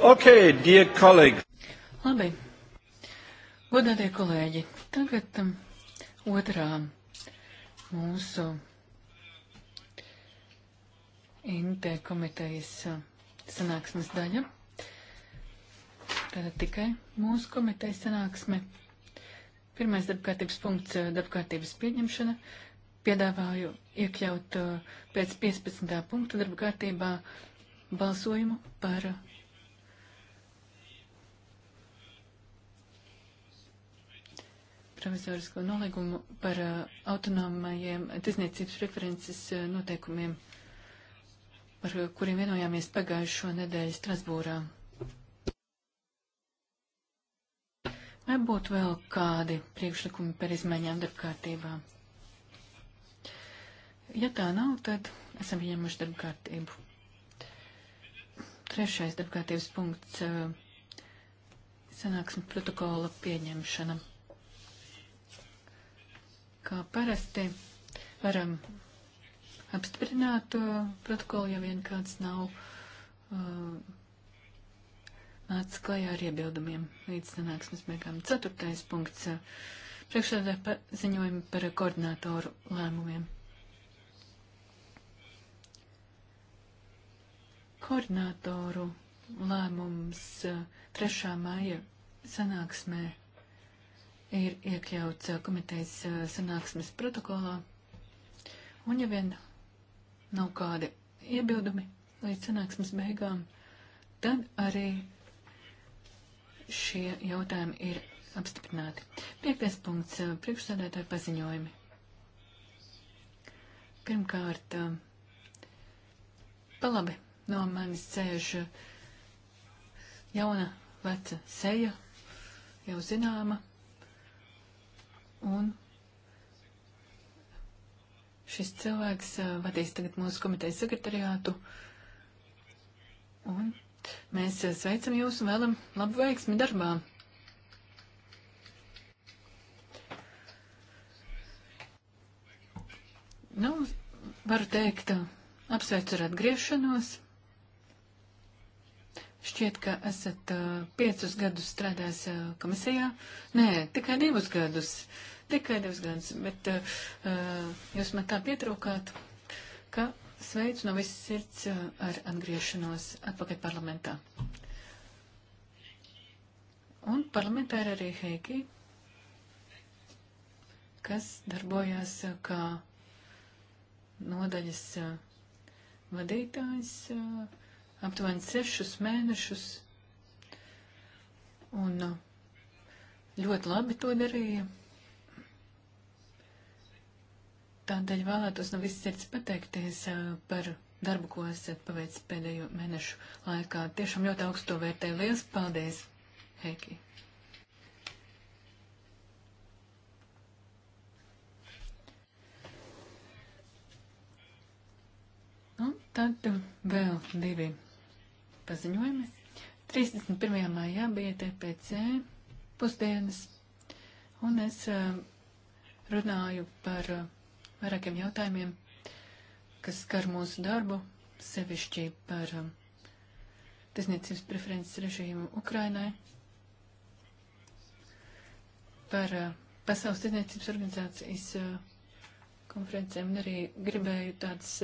Okay, dear colleague. Labi. Godātie kolēģi, tagad um, otrā mūsu Inte komitejas uh, sanāksmes daļa. Tātad tikai mūsu komitejas sanāksme. Pirmais darbkārtības punkts uh, - darbkārtības pieņemšana. Piedāvāju iekļaut uh, pēc 15. punkta darbkārtībā balsojumu par provizorisko nolīgumu par uh, autonomajiem tirzniecības preferences uh, noteikumiem, par kuriem vienojāmies pagājušo nedēļu Strasbūrā. Vai būtu vēl kādi priekšlikumi par izmaiņām darbkārtībā? Ja tā nav, tad esam viņam uz darbkārtību. Trešais darbkārtības punkts eh, - sanāksme protokola pieņemšana. Kā parasti varam apstiprināt eh, protokolu, ja vien kāds nav eh, nācis klajā ar iebildumiem līdz sanāksmes beigām. Ceturtais punkts - priekšsēdē ziņojumi par koordinātoru lēmumiem. Koordinātoru lēmums 3. māja sanāksmē ir iekļauts komitejas sanāksmes protokolā. Un ja vien nav kādi iebildumi līdz sanāksmes beigām, tad arī šie jautājumi ir apstiprināti. Piektais punkts - priekšsādātāju paziņojumi. Pirmkārt, palabi no manis ceļš uh, jauna veca seja, jau zināma, un šis cilvēks uh, vadīs tagad mūsu komitejas sekretariātu, un mēs uh, sveicam jūs un vēlam labu veiksmi darbā. Nu, varu teikt, apsveicu ar atgriešanos. Šķiet, ka esat uh, piecus gadus strādājis uh, komisijā. Nē, tikai divus gadus. Tikai divus gadus. Bet uh, jūs man tā pietrūkāt, ka sveicu no visas sirds uh, ar atgriešanos atpakaļ parlamentā. Un parlamentā ir arī Heiki, kas darbojās uh, kā nodaļas uh, vadītājs. Uh, aptuveni sešus mēnešus, un uh, ļoti labi to darīja. Tādēļ vēlētos no visas sirds pateikties uh, par darbu, ko esat paveicis pēdējo mēnešu laikā. Tiešām ļoti augstu to vērtēju. Lielas paldies, Heiki! Nu, tad vēl divi paziņojumi. 31. maijā bija TPC pusdienas, un es eh, runāju par eh, vairākiem jautājumiem, kas skar mūsu darbu, sevišķi par eh, tiesniecības preferences režīmu Ukrainai, par Pasaules tiesniecības organizācijas konferencēm, un arī gribēju tādas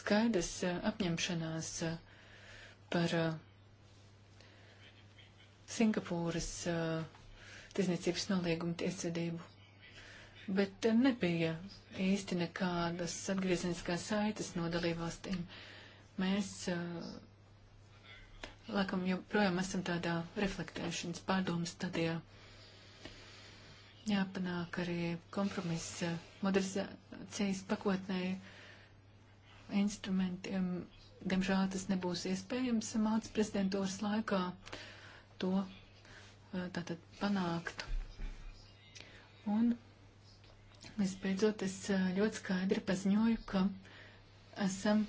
skaidras apņemšanās par uh, Singapūras uh, tiesniecības nolīgumu tiesvedību. Bet uh, nebija īsti nekādas atgriezeniskās saites no dalībvalstīm. Mēs, laikam, joprojām esam tādā reflektēšanas pārdomas stadijā. Jāpanāk arī kompromiss modernizācijas pakotnēji instrumentiem um, Diemžēl tas nebūs iespējams mācas prezidentūras laikā to eh, tātad panākt. Un visbeidzot es eh, ļoti skaidri paziņoju, ka esam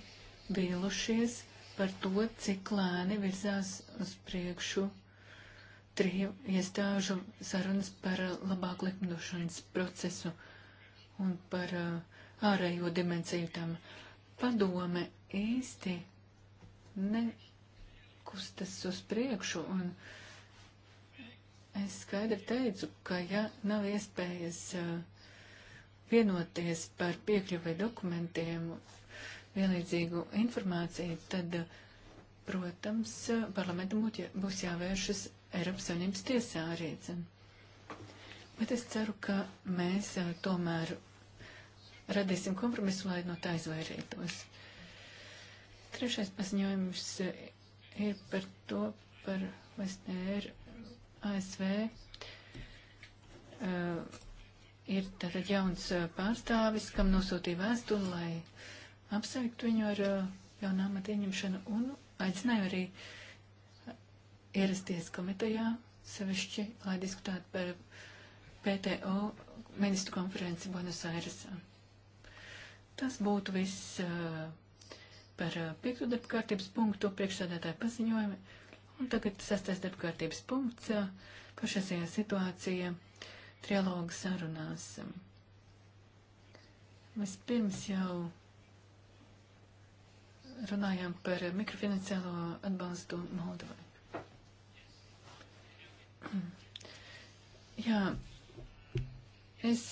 vīlušies par to, cik lēni virzās uz priekšu triju iestāžu sarunas par eh, labāku likumdošanas procesu un par ārējo dimensiju tam. Padome īsti nekustas uz priekšu. Un es skaidri teicu, ka ja nav iespējas uh, vienoties par piekļuvai dokumentiem vienlīdzīgu informāciju, tad, uh, protams, uh, parlamentam būs jāvēršas Eiropas Savienības tiesā arī. Bet es ceru, ka mēs tomēr radīsim kompromisu, lai no tā izvairītos. Trešais paziņojums ir par to, par Westner ASV. Uh, eh, ir tātad jauns eh, pārstāvis, kam nosūtīja vēstuli, lai apsveiktu viņu ar uh, eh, jaunā amata ieņemšanu un aicināju arī ierasties komitejā, sevišķi, lai diskutētu par PTO ministru konferenci Buenos Airesā. Tas būtu viss. Uh, par piekto debkārtības punktu priekšsēdētāju paziņojumi. Un tagad sastais debkārtības punkts pašreizējā situācija trialoga sarunās. Mēs pirms jau runājām par mikrofinanciālo atbalstu Moldovai. Jā, es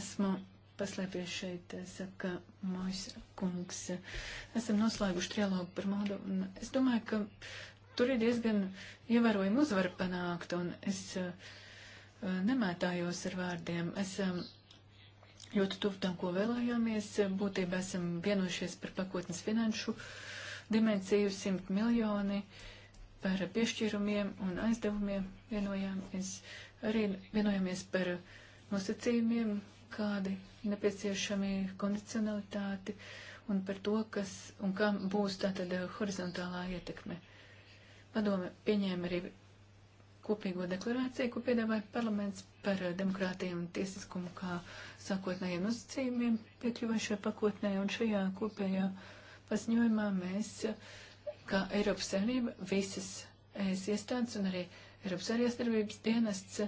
esmu paslēpies šeit, eh, saka Mājs kungs. Esam noslēguši trialogu par modu, un es domāju, ka tur ir diezgan ievērojama uzvara panākta, un es eh, nemētājos ar vārdiem. Esam ļoti tuvu tam, ko vēlējāmies. Būtībā esam vienojušies par pakotnes finanšu dimensiju 100 miljoni par piešķīrumiem un aizdevumiem vienojāmies. Arī vienojāmies par nosacījumiem, kādi nepieciešami kondicionalitāti un par to, kas un kā būs tātad eh, horizontālā ietekme. Padome pieņēma arī kopīgo deklarāciju, ko piedāvāja parlaments par eh, demokrātiju un tiesiskumu kā sākotnējiem nosacījumiem piekļuvušajā pakotnē, un šajā kopējā paziņojumā mēs, eh, kā Eiropas Savienība, visas ES iestādes un arī Eiropas arī iestarbības dienests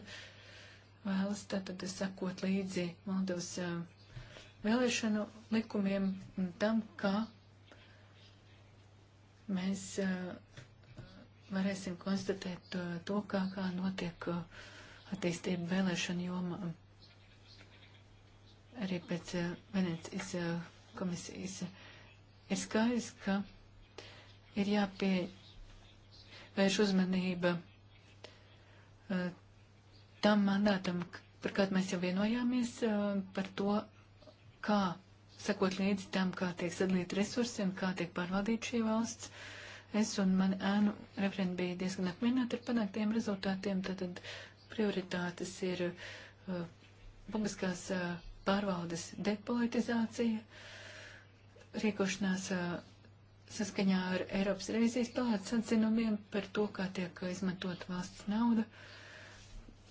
vēlas tātad sekot līdzi Moldovas vēlēšanu likumiem un tam, kā mēs varēsim konstatēt to, kā, kā notiek attīstība vēlēšanu jomā. Arī pēc Venecijas komisijas ir skaidrs, ka ir jāpievērš uzmanība tam mandātam, par kādu mēs jau vienojāmies, par to, kā sekot līdzi tam, kā tiek sadalīti resursi un kā tiek pārvaldīta šī valsts. Es un mani ēnu referenti bija diezgan apmierināti ar panāktiem rezultātiem, tātad prioritātes ir uh, publiskās uh, pārvaldes depolitizācija, rīkošanās uh, saskaņā ar Eiropas reizijas palātas atzinumiem par to, kā tiek izmantot valsts nauda. Uh,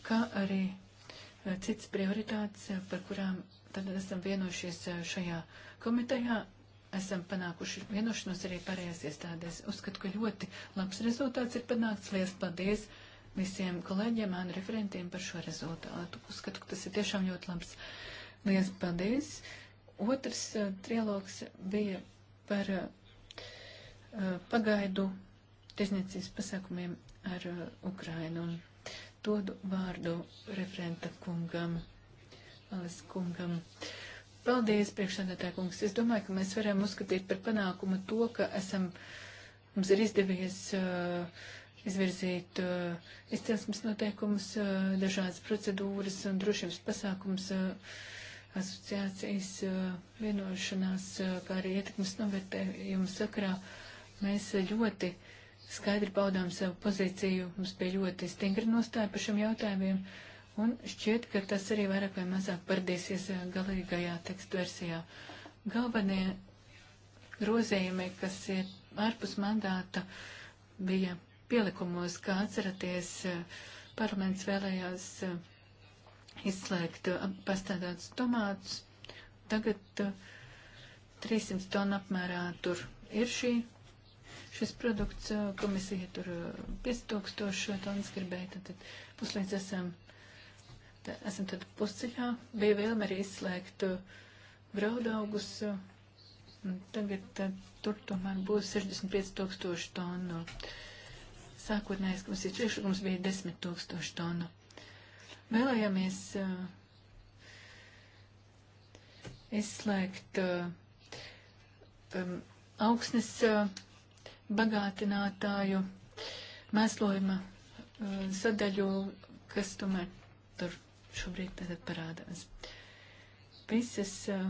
kā arī eh, cits prioritātes, eh, par kurām tad esam vienojušies eh, šajā komitejā, esam panākuši vienošanos arī pārējās iestādēs. Uzskatu, ka ļoti labs rezultāts ir panākts. Lielas paldies visiem kolēģiem, ānu referentiem par šo rezultātu. Uzskatu, ka tas ir tiešām ļoti labs. Lielas paldies. Otrs uh, trilogs bija par uh, pagaidu tiesniecības pasākumiem ar uh, Ukrainu. Un dodu vārdu referenta kungam, Alis kungam. Paldies, priekšsēdētāj kungs. Es domāju, ka mēs varam uzskatīt par panākumu to, ka esam, mums ir izdevies uh, izvirzīt uh, izcelsmes noteikumus, uh, dažādas procedūras un drošības pasākums. Uh, asociācijas uh, vienošanās, uh, kā arī ietekmes novērtējumu sakrā, mēs ļoti uh, skaidri paudām savu pozīciju, mums bija ļoti stingra nostāja par šiem jautājumiem, un šķiet, ka tas arī vairāk vai mazāk pardīsies eh, galīgajā tekstu versijā. Galvenie grozījumi, kas ir ārpus mandāta, bija pielikumos, kā atceraties, eh, parlaments vēlējās eh, izslēgt pastādātus tomātus. Tagad 300 tonu apmērā tur ir šī šis produkts. Komisija tur 5000 tonnas gribēja, tad, tad puslīdz esam, tā, esam tad pusceļā. Bija vēlme arī izslēgt graudaugus. Tagad tad, tur tomēr būs 65 tūkstoši tonu. Sākotnējais komisijas priekšlikums bija 10 tūkstoši tonu. Vēlējāmies uh, izslēgt uh, um, augsnes uh, bagātinātāju mēslojuma eh, sadaļu, kas tomēr tur šobrīd tātad parādās. Visas eh,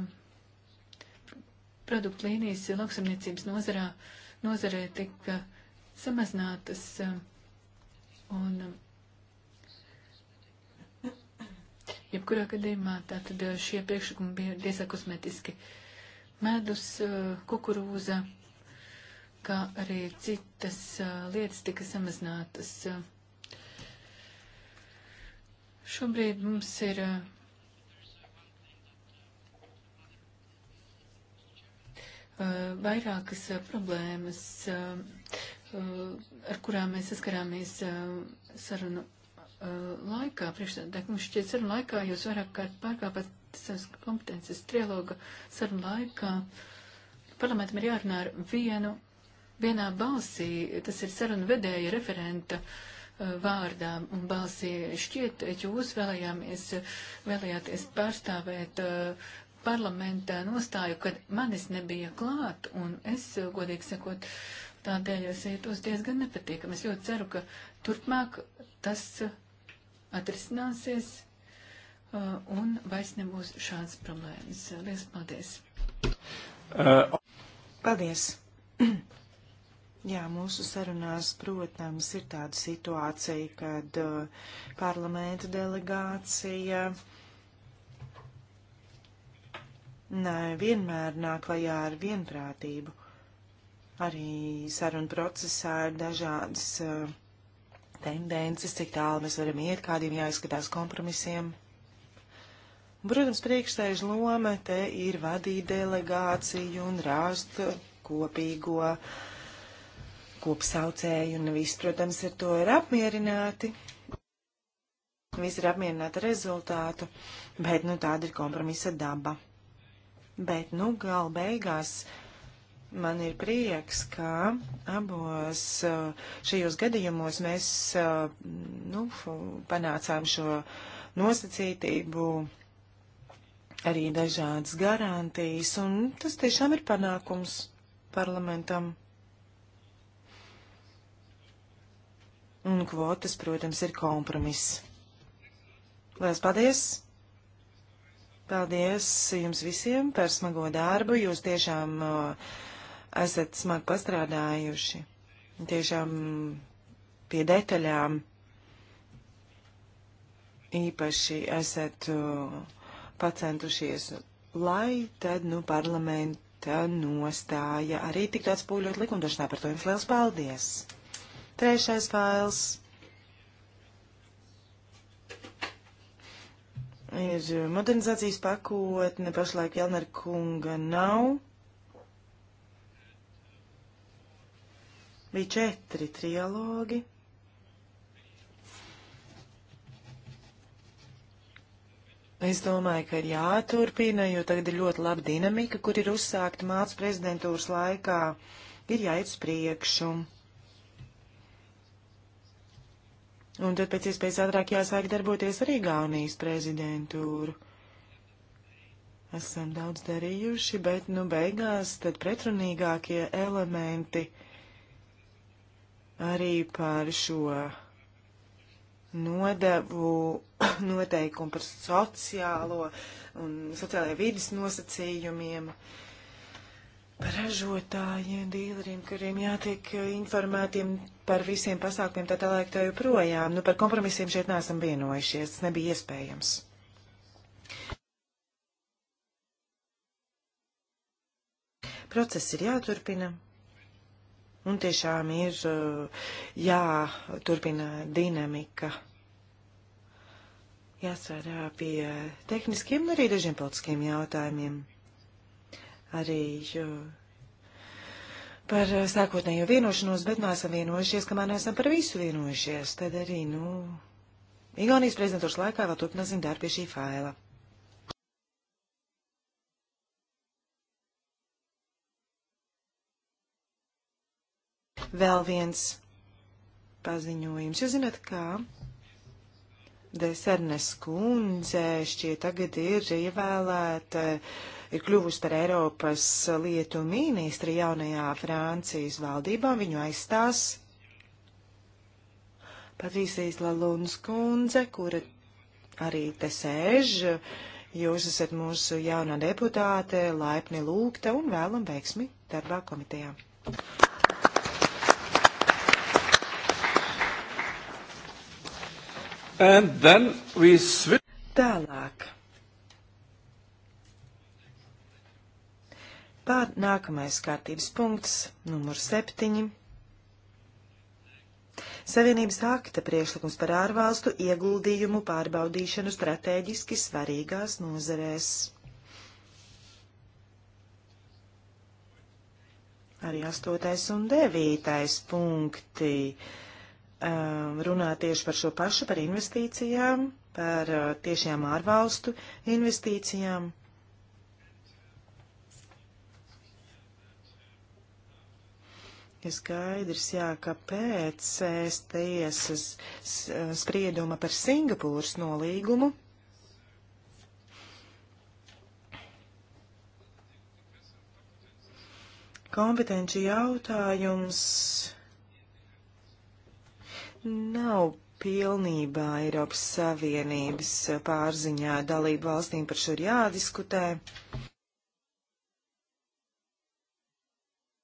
produktu līnijas lauksamniecības nozarā, nozarē tika samazinātas eh, un jebkurā gadījumā tātad šie priekšlikumi bija diezgan kosmetiski. Medus, kukurūza, kā arī citas uh, lietas tika samazinātas. Šobrīd mums ir uh, uh, vairākas problēmas, ar kurām mēs saskarāmies sarunu laikā. Priekšstādāk mums šķiet sarunu laikā, jūs vairāk kārt pārkāpat savas kompetences trialoga sarunu laikā. Parlamentam ir jārunā ar vienu vienā balsī, tas ir sarunu vedēja referenta uh, vārdā un balsī. Šķiet, jūs vēlējāmies, vēlējāties pārstāvēt uh, parlamentā nostāju, kad manis nebija klāt, un es, godīgi sakot, tādēļ es jūtos diezgan nepatīkam. Es ļoti ceru, ka turpmāk tas atrisināsies uh, un vairs nebūs šāds problēmas. Liels paldies! Paldies! Jā, mūsu sarunās, protams, ir tāda situācija, kad uh, parlamenta delegācija ne, vienmēr nāk klajā ar vienprātību. Arī saruna procesā ir dažādas uh, tendences, cik tālu mēs varam iet, kādiem jāizskatās kompromisiem. Protams, priekšsēž loma te ir vadīt delegāciju un rāst kopīgo uh, kopsaucēju, un visi, protams, ar to ir apmierināti. Visi ir apmierināti ar rezultātu, bet, nu, tāda ir kompromisa daba. Bet, nu, gal beigās man ir prieks, ka abos uh, šajos gadījumos mēs, uh, nu, panācām šo nosacītību arī dažādas garantijas, un tas tiešām ir panākums parlamentam. Un kvotas, protams, ir kompromiss. Lielas paldies! Paldies jums visiem par smago darbu. Jūs tiešām uh, esat smagi pastrādājuši. Tiešām pie detaļām īpaši esat uh, pacentušies, lai tad, nu, parlamenta nostāja arī tiktu atspūļot likumdošanā. Par to jums liels paldies! Trešais fails ir modernizācijas pakotne, pašlaik Jelner kunga nav. Bija četri trialogi. Es domāju, ka ir jāturpina, jo tagad ir ļoti laba dinamika, kur ir uzsākta mācu prezidentūras laikā. Ir jāiet uz priekšu. Un tad pēc iespējas ātrāk jāsāk darboties arī Gaunijas prezidentūru. Esam daudz darījuši, bet nu beigās tad pretrunīgākie elementi arī par šo nodevu noteikumu par sociālo un sociālajiem vidas nosacījumiem. Uh, ražotājiem, dīleriem, kuriem jātiek eh, informētiem par visiem pasākumiem, tā tālāk tā joprojām. Nu, par kompromisiem šeit neesam vienojušies, tas nebija iespējams. Process ir jāturpina. Un tiešām ir eh, jāturpina dinamika. Jāsvarā pie tehniskiem un arī dažiem politiskiem jautājumiem arī par sākotnējo vienošanos, bet neesam nu vienojušies, kamēr neesam par visu vienojušies. Tad arī, nu, Igaunijas prezidentūras laikā vēl turpināsim darbu pie šī faila. Vēl viens paziņojums. Jūs zināt, kā Desernes kundze šķiet tagad ir ievēlēta. Uh, ir kļuvusi par Eiropas lietu ministri jaunajā Francijas valdībā. Viņu aizstās Patrīsīs Lalunas kundze, kura arī te sēž. Jūs esat mūsu jaunā deputāte, laipni lūgta un vēlam veiksmi darbā komitejā. Tālāk. Pār nākamais kārtības punkts, numur septiņi. Savienības akta priekšlikums par ārvalstu ieguldījumu pārbaudīšanu strateģiski svarīgās nozarēs. Arī astotais un devītais punkti um, runā tieši par šo pašu, par investīcijām, par uh, tiešām ārvalstu investīcijām. Ir skaidrs, jā, ka pēc sēs tiesas eh, sprieduma par Singapūras nolīgumu kompetenci jautājums nav pilnībā Eiropas Savienības eh, pārziņā dalību valstīm par šo ir jādiskutē.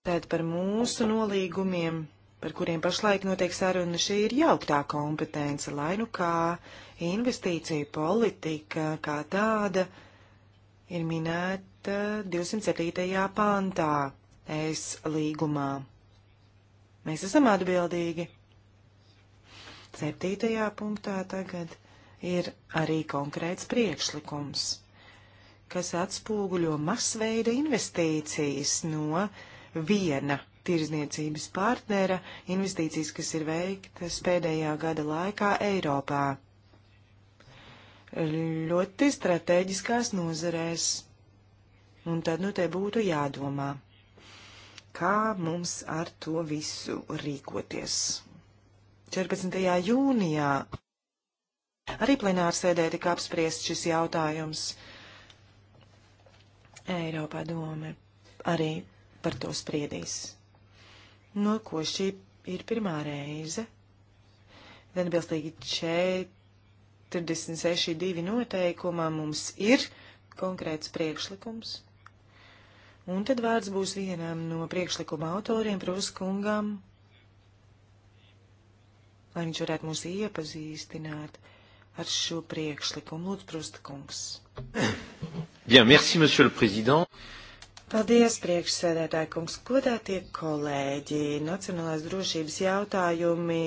Tad par mūsu nolīgumiem, par kuriem pašlaik notiek saruna, šī ir jauktā kompetence, lai nu kā investīcija politika kā tāda ir minēta 207. pantā es līgumā. Mēs esam atbildīgi. Septītajā punktā tagad ir arī konkrēts priekšlikums, kas atspūguļo masveida investīcijas no uh, viena tirzniecības partnera investīcijas, kas ir veiktas pēdējā gada laikā Eiropā. Ļoti strateģiskās nozarēs. Un tad nu te būtu jādomā, kā mums ar to visu rīkoties. 14. jūnijā arī plenārsēdē tika apspriest šis jautājums. Eiropā doma arī par to spriedīs. No nu, ko šī ir pirmā reize? Neatbilstīgi 46.2 noteikumā mums ir konkrēts priekšlikums. Un tad vārds būs vienam no priekšlikuma autoriem, Pruskungam, lai viņš varētu mūs iepazīstināt ar šo priekšlikumu. Lūdzu, Prustkungs. Bien, merci, monsieur le président. Paldies, priekšsēdētāji kungs, godātie kolēģi, nacionālās drošības jautājumi.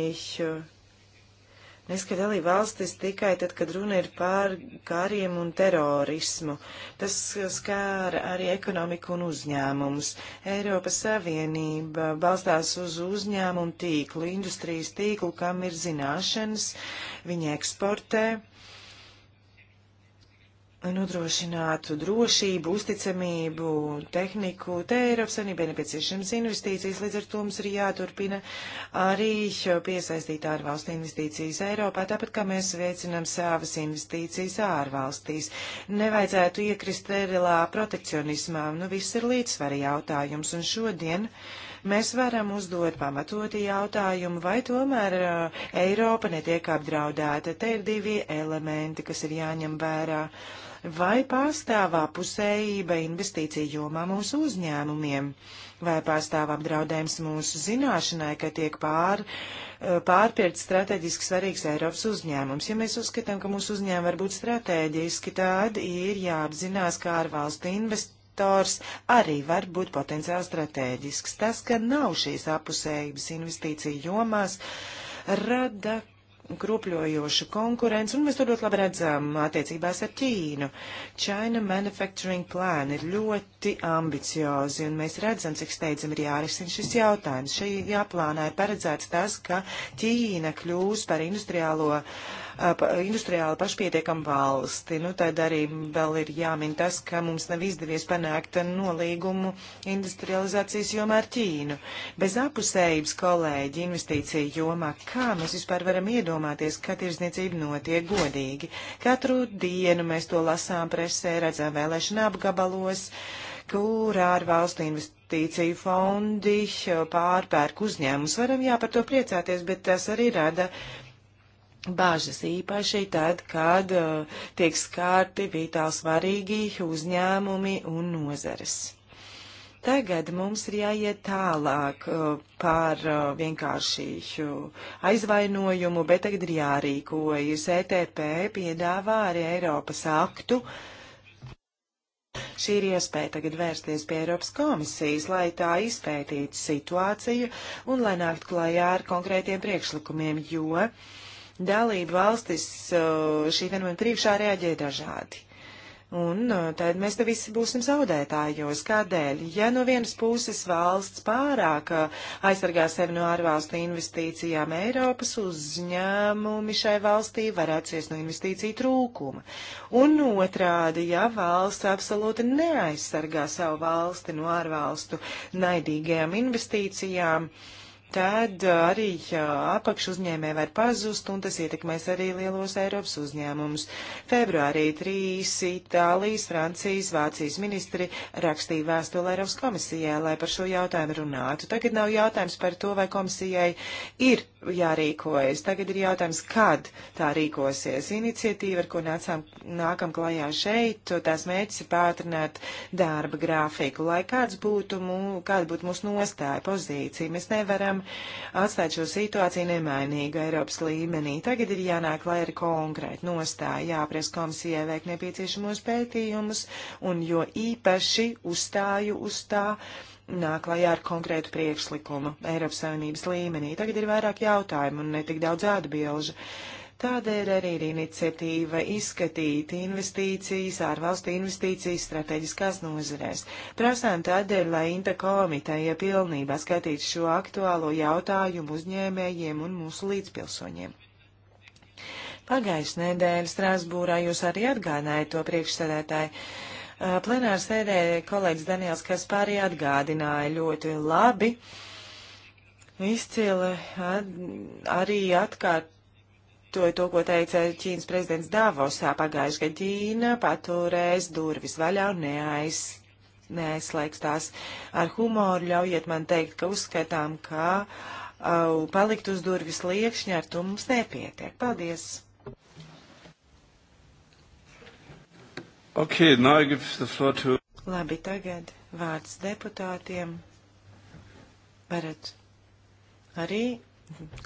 Neskat dalība valstis tikai tad, kad runa ir par kariem un terorismu. Tas skāra arī ekonomiku un uzņēmumus. Eiropas Savienība balstās uz uzņēmumu tīklu, industrijas tīklu, kam ir zināšanas, viņi eksportē nodrošinātu drošību, uzticamību, tehniku. Te Eiropas Savienībai nepieciešams investīcijas, līdz ar to mums ir jāturpina arī piesaistīt ārvalstu investīcijas Eiropā, tāpat kā mēs veicinām savas investīcijas ārvalstīs. Nevajadzētu iekrist sterilā protekcionismā, nu viss ir līdzsvari jautājums, un šodien mēs varam uzdot pamatoti jautājumu, vai tomēr uh, Eiropa netiek apdraudēta. Te ir divi elementi, kas ir jāņem vērā. Uh, vai pastāv apusējība investīciju jomā mūsu uzņēmumiem, vai pastāv apdraudējums mūsu zināšanai, ka tiek pār, eh, pārpirkt strateģiski svarīgs Eiropas uzņēmums. Ja mēs uzskatām, ka mūsu uzņēmumi var būt strateģiski, tad ir jāapzinās, kā ar valstu investīciju investors arī var būt potenciāli stratēģisks. Tas, ka nav šīs apusējības investīciju jomās, rada kropļojoša konkurence, un mēs to ļoti labi redzam attiecībās ar Ķīnu. China Manufacturing Plan ir ļoti ambiciozi, un mēs redzam, cik steidzam ir jārisina šis jautājums. Šajā plānā ir paredzēts tas, ka Ķīna kļūs par industriālo uh, industriāli pašpietiekama valsti. Nu, tad arī vēl ir jāmin tas, ka mums nav izdevies panākt nolīgumu industrializācijas jomā ar Ķīnu. Bez apusējības kolēģi investīcija jomā, kā mēs vispār varam iedomāties, ka tirzniecība notiek godīgi. Katru dienu mēs to lasām presē, redzam vēlēšana apgabalos kur ārvalstu investīciju fondi pārpērk uzņēmumus. Varam jā par to priecāties, bet tas arī rada bāžas īpaši tad, kad uh, tiek skārti vitāli svarīgi uzņēmumi un nozares. Tagad mums ir jāiet tālāk uh, par uh, vienkārši uh, aizvainojumu, bet tagad ir jārīkojas. ETP piedāvā arī Eiropas aktu. Šī ir iespēja tagad vērsties pie Eiropas komisijas, lai tā izpētītu situāciju un lai nākt klajā ar konkrētiem priekšlikumiem, jo uh, dalību valstis eh, šī fenomena priekšā reaģē dažādi. Un eh, tad mēs te visi būsim zaudētājos. Kādēļ? Ja no vienas puses valsts pārāk eh, aizsargā sevi no ārvalstu investīcijām, Eiropas uzņēmumi šai valstī var atsies no investīciju trūkuma. Un otrādi, ja valsts absolūti neaizsargā savu valsti no ārvalstu naidīgajām investīcijām, uh, tad uh, arī apakš uzņēmē var pazust, un tas ietekmēs arī lielos Eiropas uzņēmumus. Februārī trīs Itālijas, Francijas, Vācijas ministri rakstīja vēstuli Eiropas komisijai, lai par šo jautājumu runātu. Tagad nav jautājums par to, vai komisijai ir jārīkojas. Tagad ir jautājums, kad tā rīkosies. Iniciatīva, ar ko nācām, nākam klajā šeit, tās mērķis ir pātrināt darba grāfiku, lai kāds būtu, mū, kāda būtu mūsu nostāja, pozīcija. Mēs nevaram nevaram atstāt šo situāciju nemainīgu Eiropas līmenī. Tagad ir jānāk lai ar konkrētu nostāju, jāpres komisijai veikt nepieciešamos pētījumus, un jo īpaši uzstāju uz tā, nāk klajā ar konkrētu priekšlikumu Eiropas Savienības līmenī. Tagad ir vairāk jautājumu un ne tik daudz atbilžu. Tādēļ arī ir iniciatīva izskatīt investīcijas, ārvalstu investīcijas strateģiskās nozerēs. Prasām tādēļ, lai Inta komiteja pilnībā skatītu šo aktuālo jautājumu uzņēmējiem un mūsu līdzpilsoņiem. Pagājušajā nedēļā Strasbūrā jūs arī atgādinājāt to priekšsēdētāju. Uh, plenāra sēdē kolēģis Daniels Kaspārī atgādināja ļoti labi, izcili at, arī atkārt To ir to, ko teica Ķīnas prezidents Davosā pagājušajā gadā. Ķīna paturēs durvis vaļā un neaiz, neaizslēgs tās ar humoru. Ļaujiet man teikt, ka uzskatām, ka uh, palikt uz durvis liekšņa ar to mums nepietiek. Paldies! Okay, now I give the floor to... Labi, tagad vārds deputātiem. Varat arī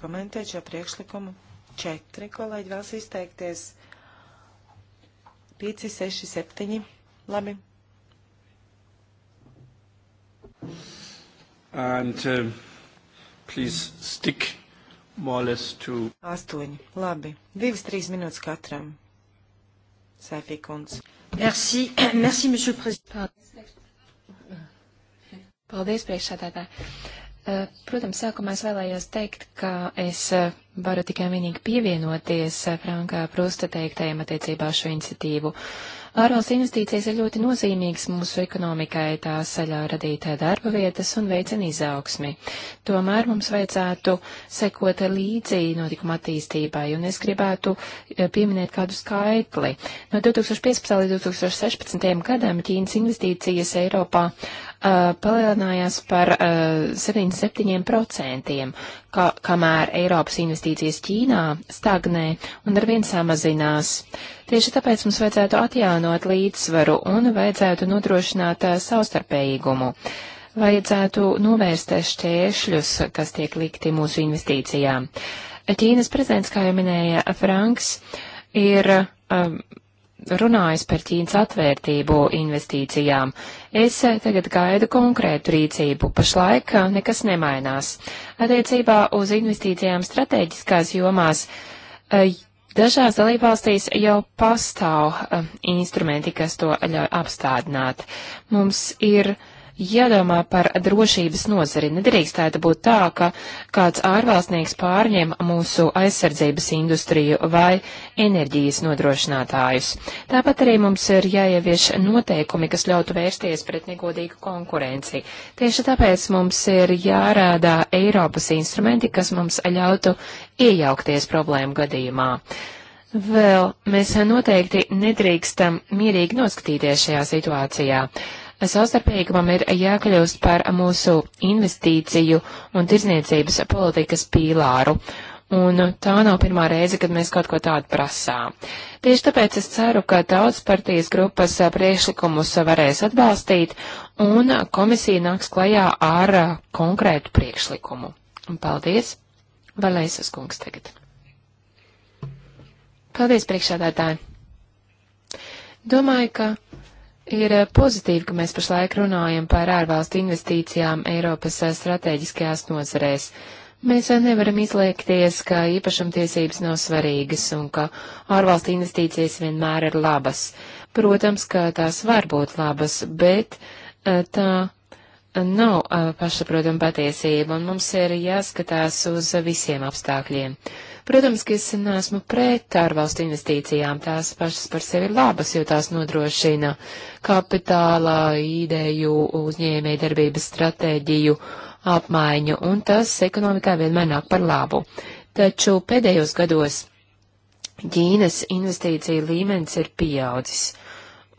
komentēt šo priekšlikumu. Četri kolēģi vēlas izteikties. Pieci, seši, septiņi. Labi. And, um, please stick more or less to... Astoņi. Labi. Divas, trīs minūtes katram. Sēfī kundze. Merci, merci, monsieur le président. Paldies, priekšsādātāji. Eh, protams, sākumā es vēlējos teikt, ka es eh, varu tikai vienīgi pievienoties eh, Frankā Prusta teiktajam attiecībā uz šo iniciatīvu. Ārvalsts investīcijas ir ļoti nozīmīgas mūsu ekonomikai, tās saļā radīt darba vietas un veicina izaugsmi. Tomēr mums vajadzētu sekot līdzi notikuma attīstībai, un es gribētu pieminēt kādu skaitli. No 2015. līdz 2016. gadam Ķīnas investīcijas Eiropā Uh, palielinājās par 77%, uh, ka, kamēr Eiropas investīcijas Ķīnā stagnē un ar vien samazinās. Tieši tāpēc mums vajadzētu atjaunot līdzsvaru un vajadzētu nodrošināt uh, savstarpējīgumu. Vajadzētu novērst šķēršļus, kas tiek likti mūsu investīcijām. Ķīnas prezidents, kā jau minēja Franks, ir um, runājis par Ķīnas atvērtību investīcijām. Es eh, tagad gaidu konkrētu rīcību. Pašlaik eh, nekas nemainās. Attiecībā uz investīcijām strateģiskās jomās eh, dažās dalībvalstīs jau pastāv instrumenti, kas to ļauj apstādināt. Mums ir uh, jādomā par drošības nozari. Nedrīkstētu būt tā, ka kāds ārvalstnieks pārņem mūsu aizsardzības industriju vai enerģijas nodrošinātājus. Tāpat arī mums ir jāievieš noteikumi, kas ļautu vērsties pret negodīgu konkurenci. Tieši tāpēc mums ir jārādā Eiropas instrumenti, kas mums ļautu iejaukties problēmu gadījumā. Vēl mēs noteikti nedrīkstam mierīgi noskatīties šajā situācijā. Saustarpīgumam ir jākļūst par mūsu investīciju un tirzniecības politikas pīlāru. Un tā nav pirmā reize, kad mēs kaut ko tādu prasām. Tieši tāpēc es ceru, ka daudz partijas grupas priekšlikumus varēs atbalstīt un komisija nāks klajā ar konkrētu priekšlikumu. Paldies! Valēsas kungs tagad. Paldies, priekšādātāji! Domāju, ka Ir eh, pozitīvi, ka mēs pašlaik runājam par ārvalstu investīcijām Eiropas eh, strateģiskajās nozarēs. Mēs eh, nevaram izliekties, ka īpašumtiesības nav svarīgas un ka ārvalstu investīcijas vienmēr ir labas. Protams, ka tās var būt labas, bet tā nav pašsaprotama patiesība, un mums ir jāskatās uz visiem apstākļiem. Uh, Protams, ka es neesmu pret ārvalstu investīcijām, tās pašas par sevi ir labas, jo tās nodrošina kapitāla, ideju, uzņēmēju darbības stratēģiju, apmaiņu, un tas ekonomikā vienmēr nāk par labu. Taču pēdējos gados Ķīnas investīcija līmenis ir pieaudzis,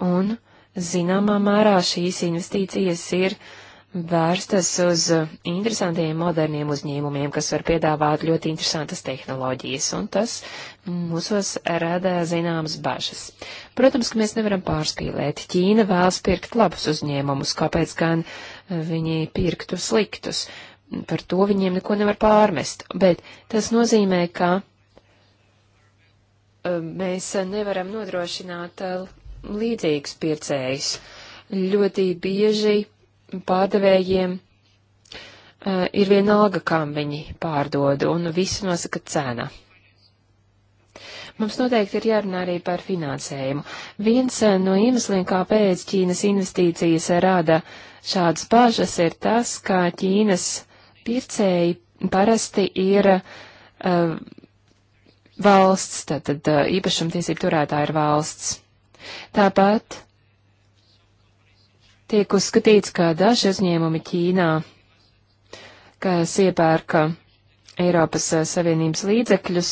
un zināmā mērā šīs investīcijas ir uh, vērstas uz uh, interesantiem moderniem uzņēmumiem, kas var piedāvāt ļoti interesantas tehnoloģijas, un tas mūsos rada zināmas bažas. Protams, ka mēs nevaram pārspīlēt. Ķīna vēlas pirkt labus uzņēmumus, kāpēc gan uh, viņi pirktu sliktus. Par to viņiem neko nevar pārmest, bet tas nozīmē, ka uh, mēs nevaram nodrošināt līdzīgus pircējus. Ļoti bieži pārdevējiem uh, ir vienalga, kam viņi pārdod, un visu nosaka cena. Mums noteikti ir jārunā arī par finansējumu. Viens uh, no iemesliem, kāpēc Ķīnas investīcijas eh, rada šādas bažas, ir tas, ka Ķīnas pircēji parasti ir uh, valsts, tātad īpašumtiesību turētāji ir valsts. Tāpat Tiek uzskatīts, ka daži uzņēmumi Ķīnā, kas iepērka Eiropas eh, Savienības līdzekļus,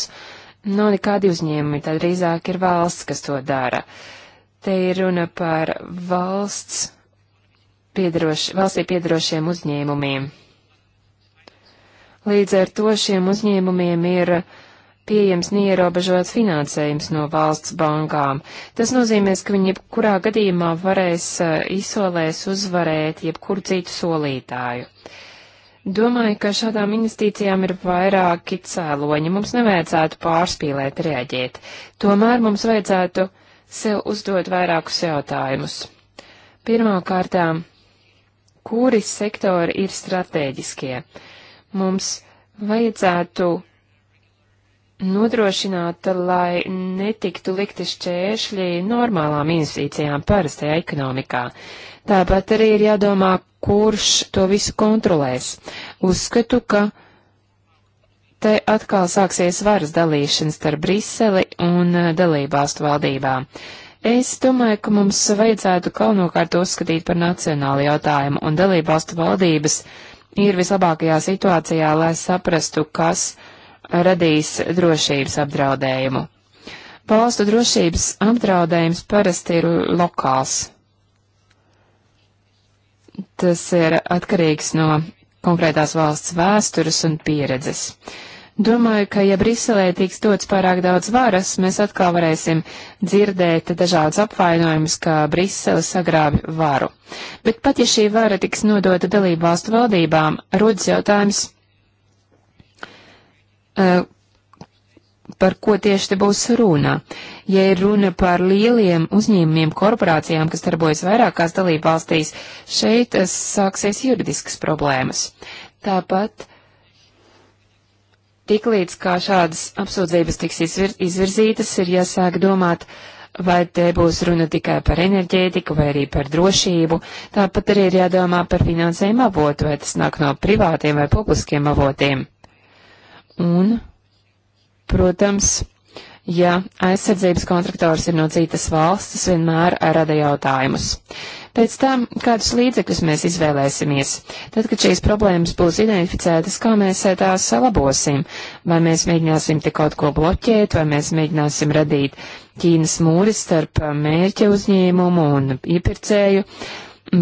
nav no nekādi uzņēmumi, tad drīzāk ir valsts, kas to dara. Te ir runa par valsts piedaroš, valstī piedarošiem uzņēmumiem. Līdz ar to šiem uzņēmumiem ir uh, pieejams neierobežots finansējums no valsts bankām. Tas nozīmēs, ka viņi jebkurā gadījumā varēs eh, izsolēs uzvarēt jebkuru citu solītāju. Domāju, ka šādām investīcijām ir vairāki cēloņi. Mums nevajadzētu pārspīlēt rēģēt. Tomēr mums vajadzētu sev uzdot vairākus jautājumus. Pirmkārtām, kuri sektori ir strateģiskie? Mums vajadzētu nodrošināt, lai netiktu likti šķēršļi normālām investīcijām parastajā ekonomikā. Tāpat arī ir jādomā, kurš to visu kontrolēs. Uzskatu, ka te atkal sāksies varas dalīšanas starp Briseli un eh, dalībvalstu valdībām. Es domāju, ka mums vajadzētu galvenokārt uzskatīt par nacionālu jautājumu, un dalībvalstu valdības ir vislabākajā situācijā, lai saprastu, kas uh, radīs drošības apdraudējumu. Valstu drošības apdraudējums parasti ir lokāls. Tas ir atkarīgs no konkrētās valsts vēstures un pieredzes. Domāju, ka ja Briselē tiks dots pārāk daudz varas, mēs atkal varēsim dzirdēt dažādas apvainojumus, ka Brisele sagrābi varu. Bet pat ja šī vara tiks nodota dalību valstu valdībām, rodas jautājums, Eh, par ko tieši te būs runa. Ja ir runa par lieliem uzņēmumiem, korporācijām, kas darbojas vairākās dalībvalstīs, šeit eh, sāksies juridiskas problēmas. Tāpat tiklīdz kā šādas apsūdzības tiks izvir izvirzītas, ir jāsāk domāt, vai te būs runa tikai par enerģētiku vai arī par drošību. Tāpat arī ir jādomā par finansējumu avotu, vai tas nāk no privātiem vai publiskiem avotiem. Un, protams, ja aizsardzības kontraktors ir no citas valsts, tas vienmēr rada jautājumus. Pēc tam, kādus līdzekļus mēs izvēlēsimies, tad, kad šīs problēmas būs identificētas, kā mēs tās labosim, vai mēs mēģināsim te kaut ko bloķēt, vai mēs mēģināsim radīt Ķīnas mūri starp uh, mērķa uzņēmumu un iepirkēju,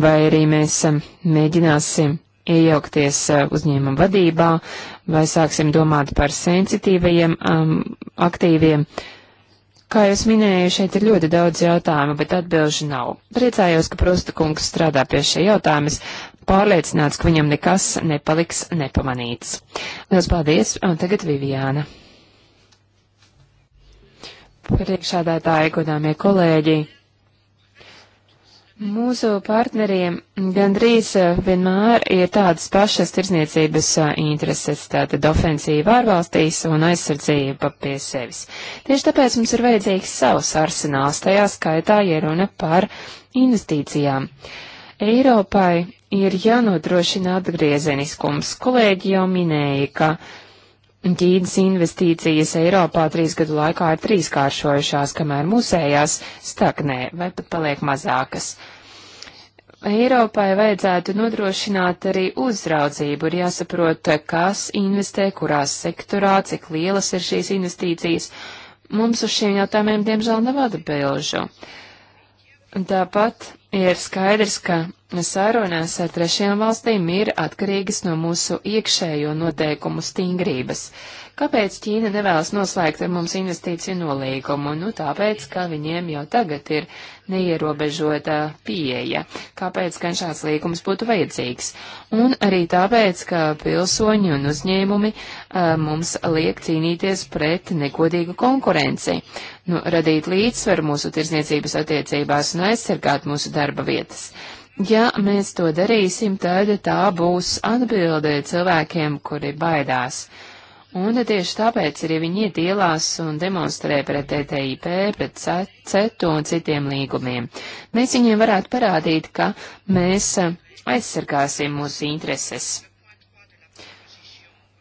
vai arī mēs um, mēģināsim iejaukties uzņēmuma vadībā vai sāksim domāt par sensitīvajiem um, aktīviem. Kā jūs minēju, šeit ir ļoti daudz jautājumu, bet atbilžu nav. Priecājos, ka Prosta kungs strādā pie šie jautājumas, pārliecināts, ka viņam nekas nepaliks nepamanīts. Lielas paldies, un tagad Viviāna. Priekšādātāji, godāmie kolēģi. Mūsu partneriem gandrīz eh, vienmēr ir tādas pašas tirzniecības eh, intereses, tātad ofensīva ārvalstīs un aizsardzība pie sevis. Tieši tāpēc mums ir vajadzīgs savs arsenāls, tajā skaitā ieruna par investīcijām. Eiropai ir jānodrošina atgriezeniskums. Kolēģi jau minēja, ka Ķīnas investīcijas Eiropā trīs gadu laikā ir trīskāršojušās, kamēr mūsējās stagnē vai pat paliek mazākas. Eiropai vajadzētu nodrošināt arī uzraudzību, ir jāsaprot, kas investē, kurās sektorā, cik lielas ir šīs investīcijas. Mums uz šiem jautājumiem, diemžēl, nav atbilžu. Uh, Tāpat ir skaidrs, ka sarunās ar trešajām valstīm ir atkarīgas no mūsu iekšējo noteikumu stingrības. Kāpēc Ķīna nevēlas noslēgt ar mums investīciju nolīgumu? Nu, tāpēc, ka viņiem jau tagad ir neierobežota pieeja. Kāpēc gan šāds līgums būtu vajadzīgs? Un arī tāpēc, ka pilsoņi un uzņēmumi uh, mums liek cīnīties pret nekodīgu konkurenci, nu, radīt līdzsvaru mūsu tirzniecības attiecībās un aizsargāt mūsu darba vietas. Ja mēs to darīsim, tad tā būs atbilde cilvēkiem, kuri baidās. Un tieši tāpēc arī viņi iet ielās un demonstrē pret e TTIP, pret CETU un citiem līgumiem. Mēs viņiem varētu parādīt, ka mēs aizsargāsim mūsu intereses.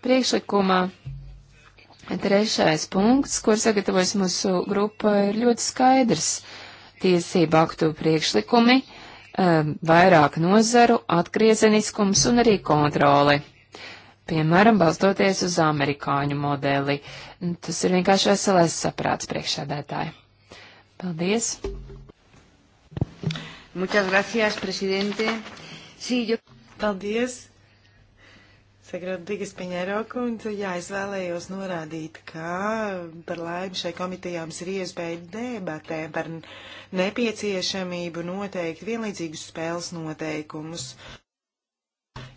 Priekšlikumā Trešais punkts, kur sagatavojas mūsu grupa, ir ļoti skaidrs. Tiesība aktu priekšlikumi, vairāk nozaru, atgriezeniskums un arī kontroli piemēram, balstoties uz amerikāņu modeli. Tas ir vienkārši veselais saprāts priekšsēdētāji. Paldies! Muchas gracias, presidente. Sí, yo... Paldies, Segrādīgas Piņēro kundze, jā, es vēlējos norādīt, ka par laimi šai komitejām ir iespēja debatēm par nepieciešamību noteikt vienlīdzīgus spēles noteikumus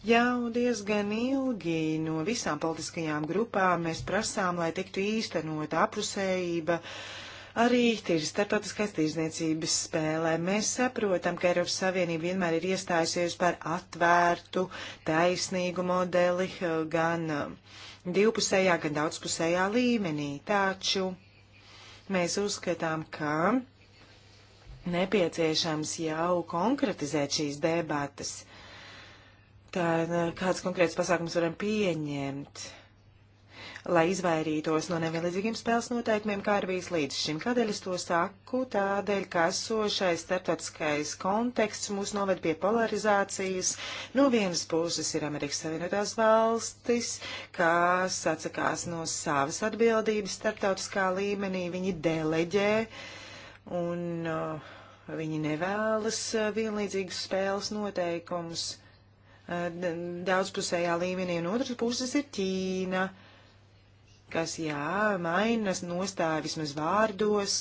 Jau diezgan ilgi no visām politiskajām grupām mēs prasām, lai tiktu īstenota aprusējība. Arī ir starptautiskais tīrzniecības spēlē. Mēs saprotam, ka Eiropas Savienība vienmēr ir iestājusies par atvērtu, taisnīgu modeli gan uh, divpusējā, gan daudzpusējā līmenī. Taču mēs uzskatām, ka nepieciešams jau konkretizēt šīs debatas Tā, e, kāds konkrēts pasākums varam pieņemt, lai izvairītos no nevienlīdzīgiem spēles noteikumiem, kā ir bijis līdz šim? Kādēļ es to saku? Tādēļ, ka esošais starptautiskais konteksts mūs noved pie polarizācijas. No vienas puses ir Amerikas Savienotās valstis, kas atsakās no savas atbildības starptautiskā līmenī, viņi deleģē un uh, viņi nevēlas e, vienlīdzīgus spēles noteikumus daudzpusējā līmenī, un otras puses ir Ķīna, kas, jā, mainas nostāja vismaz vārdos,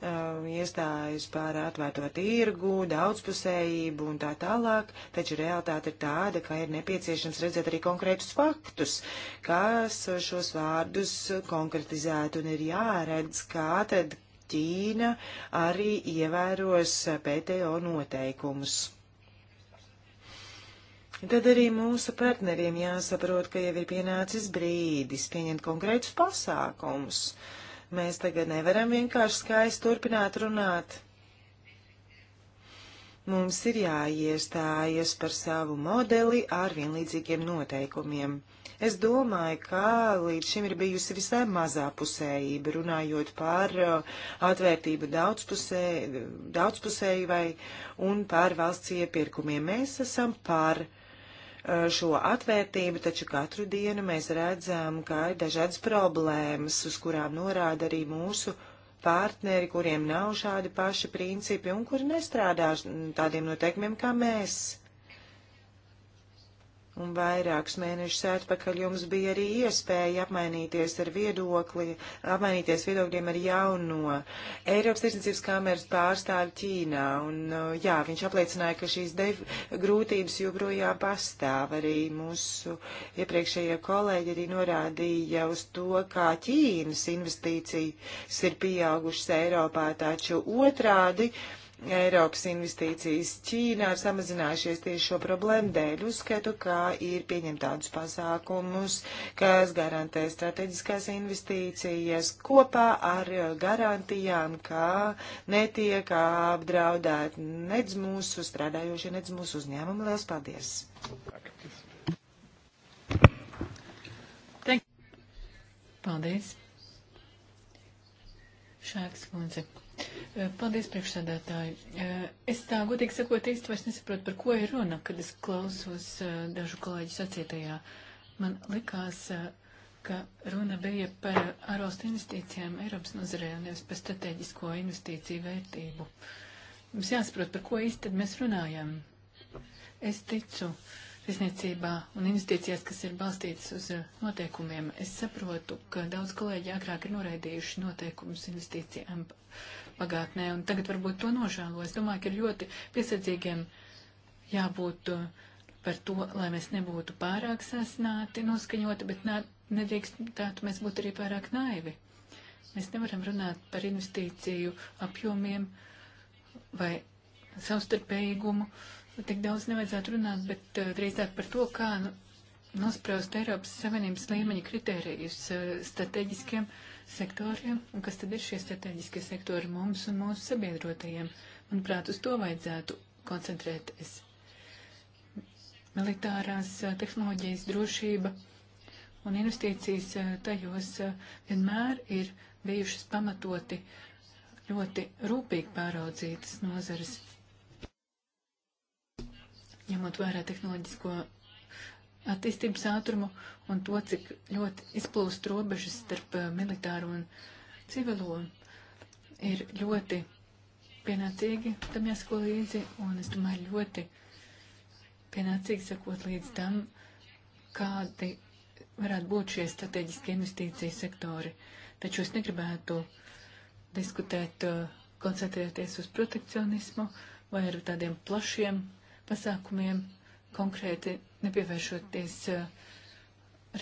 um, iestājas par atvērto tirgu, daudzpusējību un tā tālāk, taču realitāte ir tāda, ka ir nepieciešams redzēt arī konkrētus faktus, kas šos vārdus konkretizētu, un ir jāredz, kā tad Ķīna arī ievēros PTO noteikumus. Tad arī mūsu partneriem jāsaprot, ka jau ir pienācis brīdis pieņemt konkrētus pasākumus. Mēs tagad nevaram vienkārši skaisti turpināt runāt. Mums ir jāiestājas par savu modeli ar vienlīdzīgiem noteikumiem. Es domāju, ka līdz šim ir bijusi visai mazā pusējība, runājot par uh, atvērtību daudzpusē, daudzpusēju vai un par valsts iepirkumiem. Mēs esam par uh, šo atvērtību, taču katru dienu mēs redzam, ka ir dažādas problēmas, uz kurām norāda arī mūsu partneri, kuriem nav šādi paši principi un kuri nestrādā tādiem noteikumiem kā mēs. Un vairākus mēnešus atpakaļ jums bija arī iespēja apmainīties ar viedokli, apmainīties viedokļiem ar jauno Eiropas tirsniecības kameras pārstāvi Ķīnā. Un, uh, jā, viņš apliecināja, ka šīs grūtības joprojām pastāv. Arī mūsu iepriekšējie kolēģi arī norādīja uz to, kā Ķīnas investīcijas ir pieaugušas Eiropā, taču otrādi. Uh, Eiropas investīcijas Ķīnā ir samazinājušies tieši šo problēmu dēļ. Uzskatu, ka ir pieņemt tādus pasākumus, kas garantē strateģiskās investīcijas kopā ar garantijām, ka netiek apdraudēt nedz mūsu strādājošie, nedz mūsu uzņēmumi. Lielas paldies! Paldies! Šāks kundze. Eh, paldies, priekšsēdētāji. Eh, es tā godīgi sakot, īsti vairs nesaprotu, par ko ir runa, kad es klausos eh, dažu kolēģu sacietajā. Man likās, ka runa bija par ārvalstu investīcijām Eiropas nozarē, nevis par strateģisko investīciju vērtību. Mums jāsaprot, par ko īsti tad mēs runājam. Es ticu tirsniecībā un investīcijās, kas ir balstītas uz noteikumiem. Es saprotu, ka daudz kolēģi agrāk ir noraidījuši noteikumus investīcijām pagātnē, un tagad varbūt to nožēlo. Es domāju, ka ir ļoti piesardzīgiem jābūt uh, par to, lai mēs nebūtu pārāk sasnāti, noskaņoti, bet nā, nedrīkst tādu mēs būtu arī pārāk naivi. Mēs nevaram runāt par investīciju apjomiem vai savstarpējīgumu. Tik daudz nevajadzētu runāt, bet uh, drīzāk par to, kā nu, nospraust Eiropas Savienības līmeņa kritērijus uh, strateģiskiem uh, sektoriem, un kas tad ir šie strateģiskie sektori mums un mūsu sabiedrotajiem. Manuprāt, uz to vajadzētu koncentrēties. Militārās eh, tehnoloģijas drošība un investīcijas eh, tajos eh, vienmēr ir bijušas pamatoti ļoti rūpīgi pāraudzītas nozares. Ņemot vērā tehnoloģisko attīstības ātrumu un to, cik ļoti izplūst robežas starp eh, militāro un civilo, ir ļoti pienācīgi tam jāsako līdzi, un es domāju, ļoti pienācīgi sakot līdz tam, kādi varētu būt šie strateģiski investīcija sektori. Taču es negribētu diskutēt, eh, koncentrēties uz protekcionismu vai ar tādiem plašiem pasākumiem, konkrēti nepievēršoties eh,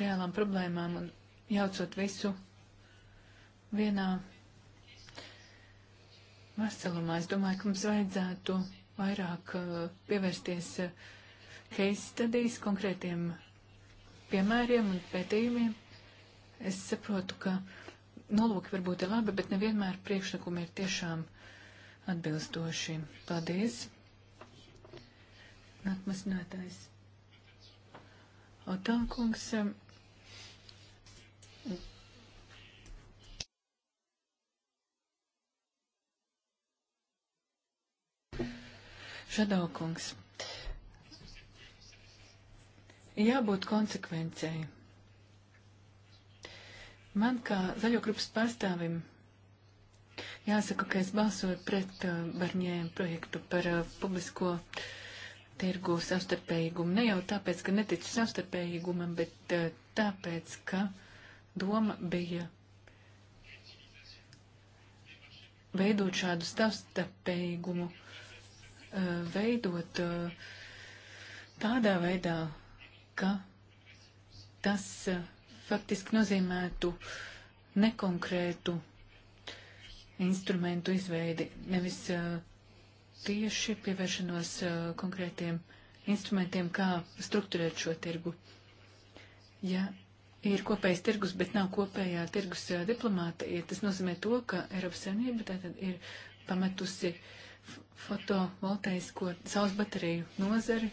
reālām problēmām un jaucot visu vienā veselumā. Es domāju, ka mums vajadzētu vairāk eh, pievērsties eh, case studies konkrētiem piemēriem un pētījumiem. Es saprotu, ka nolūki varbūt ir labi, bet nevienmēr priekšlikumi ir tiešām atbilstoši. Paldies! atmasinātājs. Otākungs. Um, Šadaukungs. Jābūt konsekvencei. Man kā zaļo grupas pārstāvim jāsaka, ka es balsoju pret uh, Barņēm projektu par uh, publisko uh, tirgu savstarpējīgumu. Ne jau tāpēc, ka neticu savstarpējīgumam, bet eh, tāpēc, ka doma bija veidot šādu savstarpējīgumu, eh, veidot eh, tādā veidā, ka tas faktiski nozīmētu nekonkrētu instrumentu izveidi, nevis uh, tieši pievēršanos eh, konkrētiem instrumentiem, kā strukturēt šo tirgu. Ja ir kopējs tirgus, bet nav kopējā tirgus eh, diplomātija, tas nozīmē to, ka Eiropas Savienība tātad ir pametusi fotovoltaisko saules bateriju nozari,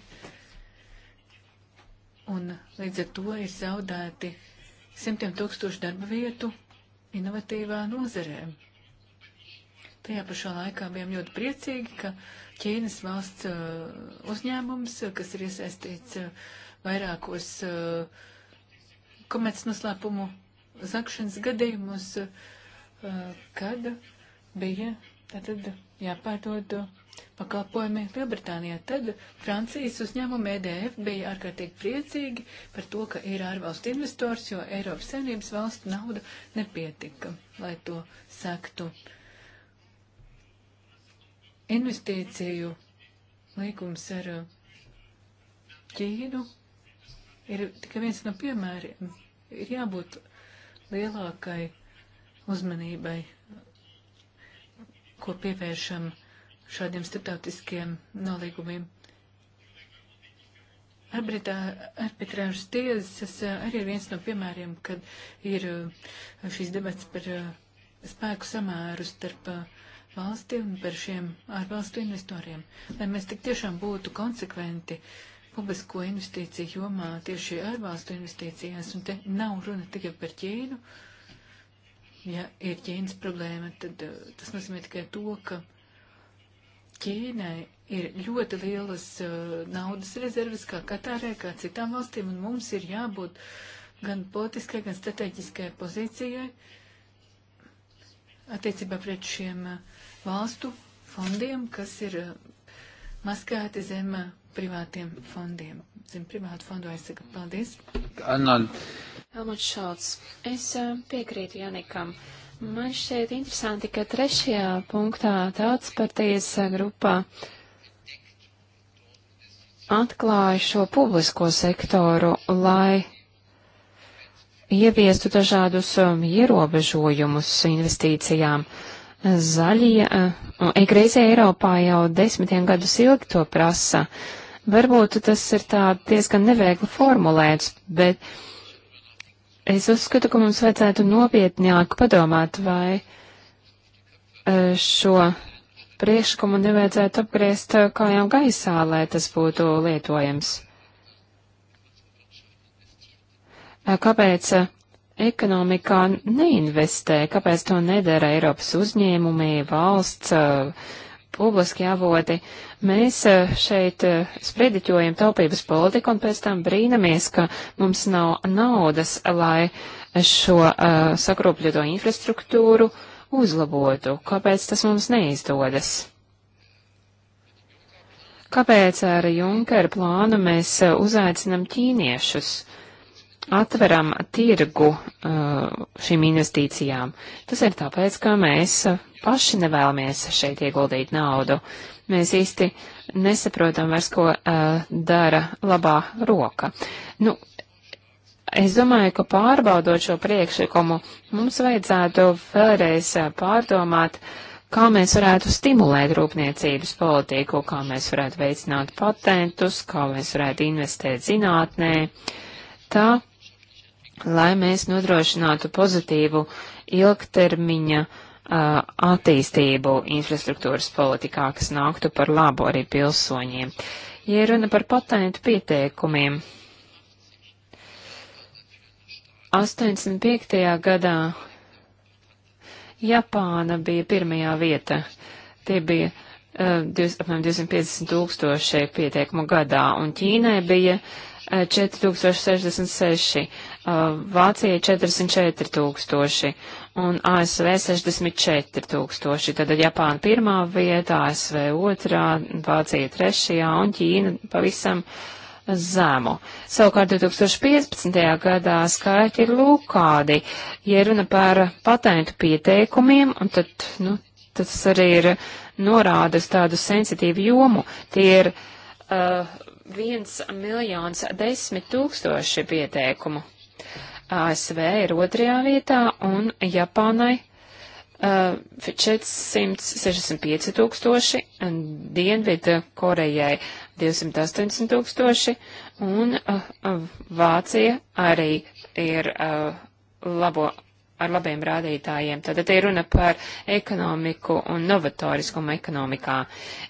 un līdz ar to ir zaudēti simtiem tūkstošu darba vietu inovatīvā nozarēm. Tajā pašā laikā bijām ļoti priecīgi, ka Ķīnas valsts uh, uzņēmums, uh, kas ir iesaistīts uh, vairākos uh, komercnoslēpumu zakšanas gadījumus, uh, kad bija tātad jāpārdod pakalpojumi Lielbritānijā. Tad Francijas uzņēmuma EDF bija ārkārtīgi priecīgi par to, ka ir ārvalstu investors, jo Eiropas saimnības valstu nauda nepietika, lai to sektu. Uh, investīciju līgums ar uh, Ķīnu ir tikai viens no piemēriem. Ir jābūt lielākai uzmanībai, ko pievēršam šādiem starptautiskiem nolīgumiem. Arbitā, arbitrāžas tiesas uh, arī ir viens no piemēriem, kad ir uh, šīs debats par spēku samēru starp uh, valsti un par šiem ārvalstu investoriem, lai mēs tik tiešām būtu konsekventi publisko investīciju jomā tieši ārvalstu investīcijās, un te nav runa tikai par Ķīnu. Ja ir Ķīnas problēma, tad eh, tas nozīmē tikai to, ka Ķīnai ir ļoti lielas uh, naudas rezerves, kā Katārai, kā citām valstīm, un mums ir jābūt gan politiskai, gan strateģiskai pozīcijai attiecībā pret šiem uh, valstu fondiem, kas ir eh, maskēti zem eh, privātiem fondiem, zem privātu fondu aizsaka. Paldies. Anon. Helmuts Šalts, es eh, piekrītu Janikam. Man šķiet interesanti, ka trešajā punktā tautas partijas grupā atklāja šo publisko sektoru, lai ieviestu dažādus ierobežojumus investīcijām. Uh, Zaļie, ikreizē e, e, Eiropā jau desmitiem gadus ilgi to prasa. Varbūt tas ir tā diezgan neviegli formulēts, bet es uzskatu, ka mums vajadzētu nopietnāk padomāt, vai e, šo priekšlikumu nevajadzētu apgriezt kājām gaisā, lai tas būtu lietojams. Kāpēc ekonomikā neinvestē, kāpēc to nedara Eiropas uzņēmumi, valsts, eh, publiski avoti. Mēs eh, šeit eh, sprediķojam taupības politiku un pēc tam brīnamies, ka mums nav naudas, lai šo uh, sakropļoto infrastruktūru uzlabotu. Kāpēc tas mums neizdodas? Kāpēc ar Junkera plānu mēs uzaicinam ķīniešus? Uh, atveram tirgu uh, šīm investīcijām. Tas ir tāpēc, ka mēs paši nevēlamies šeit ieguldīt naudu. Mēs īsti nesaprotam vairs, ko uh, dara labā roka. Nu, es domāju, ka pārbaudot šo priekšlikumu, mums vajadzētu vēlreiz uh, pārdomāt, kā mēs varētu stimulēt rūpniecības politiku, kā mēs varētu veicināt patentus, kā mēs varētu investēt zinātnē, tā, lai mēs nodrošinātu pozitīvu ilgtermiņa uh, attīstību infrastruktūras politikā, kas nāktu par labu arī pilsoņiem. Ja runa par patentu pieteikumiem, 85. gadā Japāna bija pirmajā vieta. Tie bija uh, 20, apmēram 250 tūkstoši pieteikumu gadā, un Ķīnai bija uh, 4066. Uh, Vācija 44 tūkstoši un ASV 64 tūkstoši. Tad Japāna pirmā vietā, ASV otrā, Vācija trešajā un Ķīna pavisam zemu. Savukārt 2015. gadā skaitļi ir lūkādi. Ja runa par patentu pieteikumiem, un tad, nu, tas arī ir norāda uz tādu sensitīvu jomu. Tie ir uh, viens miljons desmit tūkstoši pieteikumu ASV ir otrajā vietā un Japānai uh, 465 tūkstoši, Dienvidu Korejai 280 tūkstoši un uh, Vācija arī ir uh, labo ar labiem rādītājiem. Tātad ir runa par ekonomiku un novatoriskumu ekonomikā.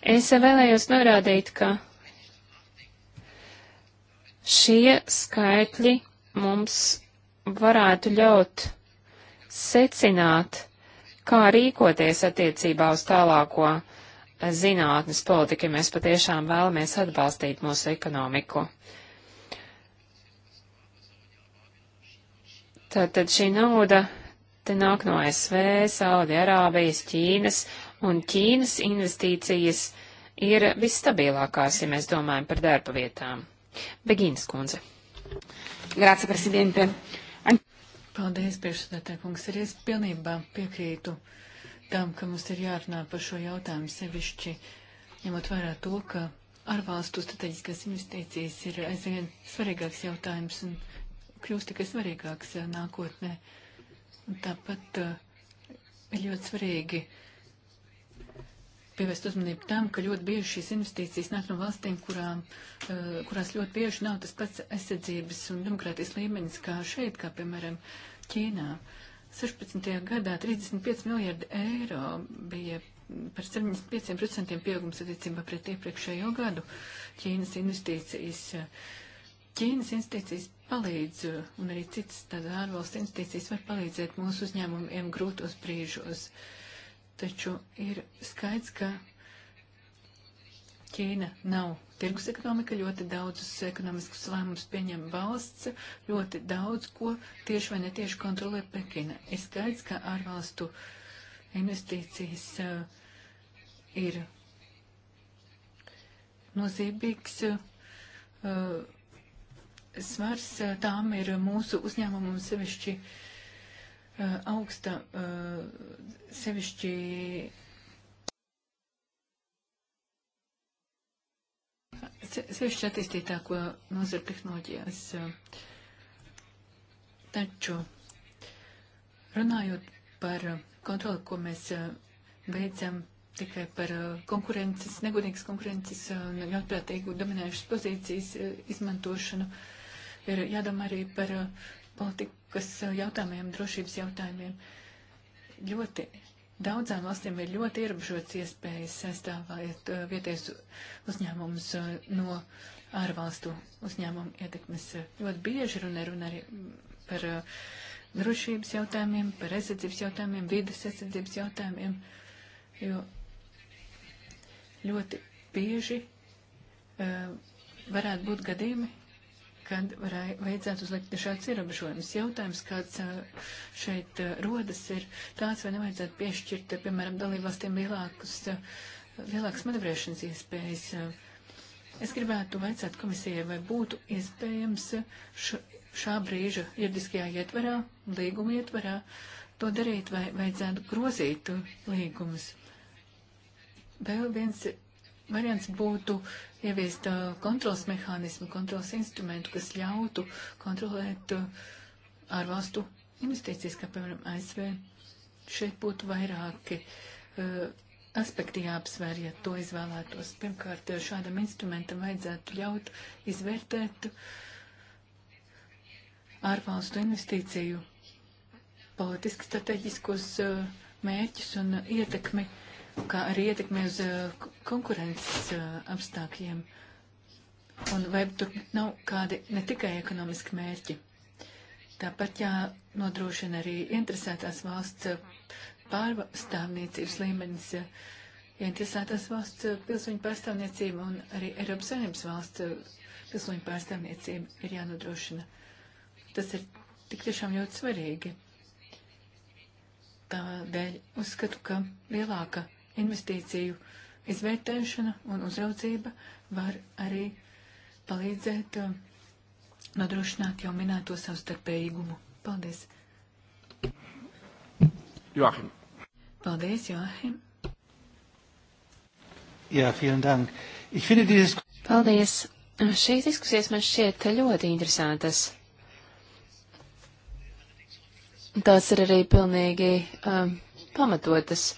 Es vēlējos norādīt, ka šie skaitļi mums varētu ļaut secināt, kā rīkoties attiecībā uz tālāko zinātnes politiku, ja mēs patiešām vēlamies atbalstīt mūsu ekonomiku. Tātad šī nauda te nāk no ASV, Saudi-Arābijas, Ķīnas, un Ķīnas investīcijas ir visstabilākās, ja mēs domājam par darba vietām. Begīnas kundze. Grāca, prezidente. Uh, Paldies, priekšsēdētāj, kungs. Arī es pilnībā piekrītu tam, ka mums ir jārunā par šo jautājumu sevišķi, ņemot vērā to, ka ārvalstu strateģiskās investīcijas ir aizvien svarīgāks jautājums un kļūst tikai svarīgāks uh, nākotnē. Un tāpat uh, ir ļoti svarīgi uh, pievērst uzmanību tam, ka ļoti bieži šīs investīcijas nāk no valstīm, kurām, eh, kurās ļoti bieži nav tas pats aizsardzības un demokrātijas līmenis kā šeit, kā piemēram Ķīnā. 16. gadā 35 miljardi eiro bija par 75% pieaugums attiecībā pret iepriekšējo gadu Ķīnas investīcijas. Ķīnas investīcijas palīdz, un arī citas tādas ārvalstu investīcijas var palīdzēt mūsu uzņēmumiem grūtos brīžos. Uh, taču ir skaidrs, ka Ķīna nav tirgus ekonomika, ļoti daudzus ekonomiskus lēmumus pieņem valsts, ļoti daudz ko tieši vai netieši kontrolē Pekina. Ir skaidrs, ka ārvalstu investīcijas uh, ir nozīmīgs uh, svars, uh, tām ir mūsu uzņēmumam sevišķi uh, Eh, augsta eh, sevišķi. Sevišķi attīstītāko nozaru tehnoloģijās. Taču runājot par kontroli, ko mēs beidzam eh, tikai par konkurences, negodīgas konkurences un ļautprātīgu dominējušas pozīcijas izmantošanu, ir jādomā arī par politikas jautājumiem, drošības jautājumiem. Ļoti Daudzām valstīm ir ļoti ierobežots iespējas sastāvēt eh, vieties uzņēmumus eh, no ārvalstu uzņēmumu ietekmes. Ļoti bieži runa ir arī par eh, drošības jautājumiem, par aizsardzības jautājumiem, vidas aizsardzības jautājumiem, jo ļoti bieži uh, varētu būt gadījumi, kad varai, vajadzētu uzlikt šāds ierobežojums. Jautājums, kāds šeit rodas, ir tāds, vai nevajadzētu piešķirt, piemēram, dalībvalstīm lielākus, lielākas manevrēšanas iespējas. Es gribētu vaicāt komisijai, vai būtu iespējams š, šā brīža juridiskajā ietvarā, līguma ietvarā, to darīt, vai vajadzētu grozīt līgumus. Vēl viens variants būtu ieviest uh, kontrols mehānismu, kontrols instrumentu, kas ļautu kontrolēt uh, ārvalstu investīcijas, kā piemēram ASV. Šeit būtu vairāki uh, aspekti jāapsver, ja to izvēlētos. Pirmkārt, uh, šādam instrumentam vajadzētu ļaut izvērtēt ārvalstu investīciju politiski strateģiskos uh, mērķus un ietekmi uh, kā arī ietekmē uz eh, konkurences eh, apstākļiem. Un vai tur nav kādi ne tikai ekonomiski mērķi? Tāpat jānodrošina arī interesētās valsts eh, pārstāvniecības līmenis, interesētās valsts pilsoņu pārstāvniecība un arī Eiropas Savienības valsts pilsoņu pārstāvniecība ir jānodrošina. Tas ir tik tiešām ļoti svarīgi. Tādēļ uzskatu, ka lielāka investīciju izvērtēšana un uzraudzība var arī palīdzēt um, nodrošināt jau minēto savstarpējīgumu. Paldies! Joachim. Paldies, Joachim. Jā, vielen dank. Ich finde dieses... Paldies. Šīs diskusijas man šķiet ļoti interesantas. Tās ir arī pilnīgi um, pamatotas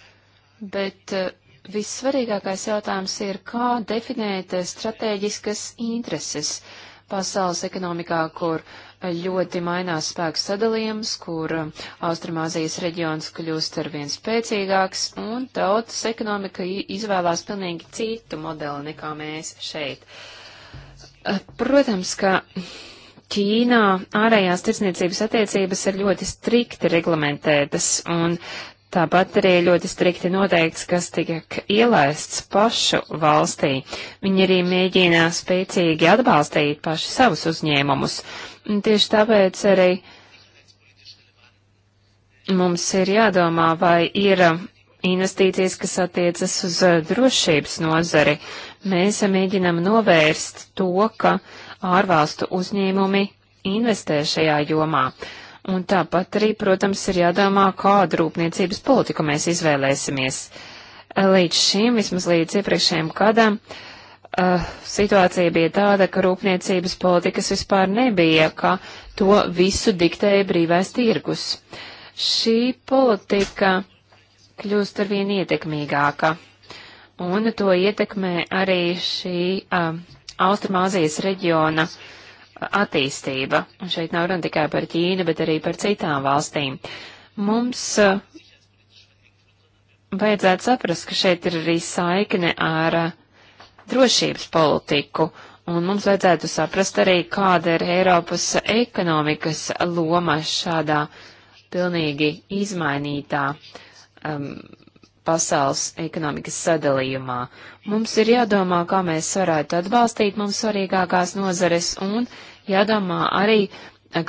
bet eh, vissvarīgākais jautājums ir, kā definēt eh, strateģiskas intereses pasaules ekonomikā, kur eh, ļoti mainās spēku sadalījums, kur Austrumāzijas reģions kļūst ar vien spēcīgāks, un tautas ekonomika izvēlās pilnīgi citu modeli nekā mēs šeit. Protams, ka Ķīnā ārējās tirsniecības attiecības ir ļoti strikti reglamentētas, un Tāpat arī ļoti strikti noteikts, kas tiek ielaists pašu valstī. Viņi arī mēģina spēcīgi atbalstīt paši savus uzņēmumus. Un tieši tāpēc arī mums ir jādomā, vai ir investīcijas, kas attiecas uz eh, drošības nozari. Mēs mēģinam novērst to, ka ārvalstu uzņēmumi investē šajā jomā. Uh, Un tāpat arī, protams, ir jādomā, kādu rūpniecības politiku mēs izvēlēsimies. Līdz šim, vismaz līdz iepriekšējiem gadam, uh, situācija bija tāda, ka rūpniecības politikas vispār nebija, ka to visu diktēja brīvais tirgus. Šī politika kļūst arvien ietekmīgāka, un to ietekmē arī šī uh, Austrumāzijas reģiona uh, attīstība. Un šeit nav runa tikai par Ķīnu, bet arī par citām valstīm. Mums eh, vajadzētu saprast, ka šeit ir arī saikne ar eh, drošības politiku, un mums vajadzētu saprast arī, kāda ir Eiropas ekonomikas loma šādā pilnīgi izmainītā um, pasaules ekonomikas sadalījumā. Mums ir jādomā, kā mēs varētu atbalstīt mums svarīgākās nozares un jādomā arī,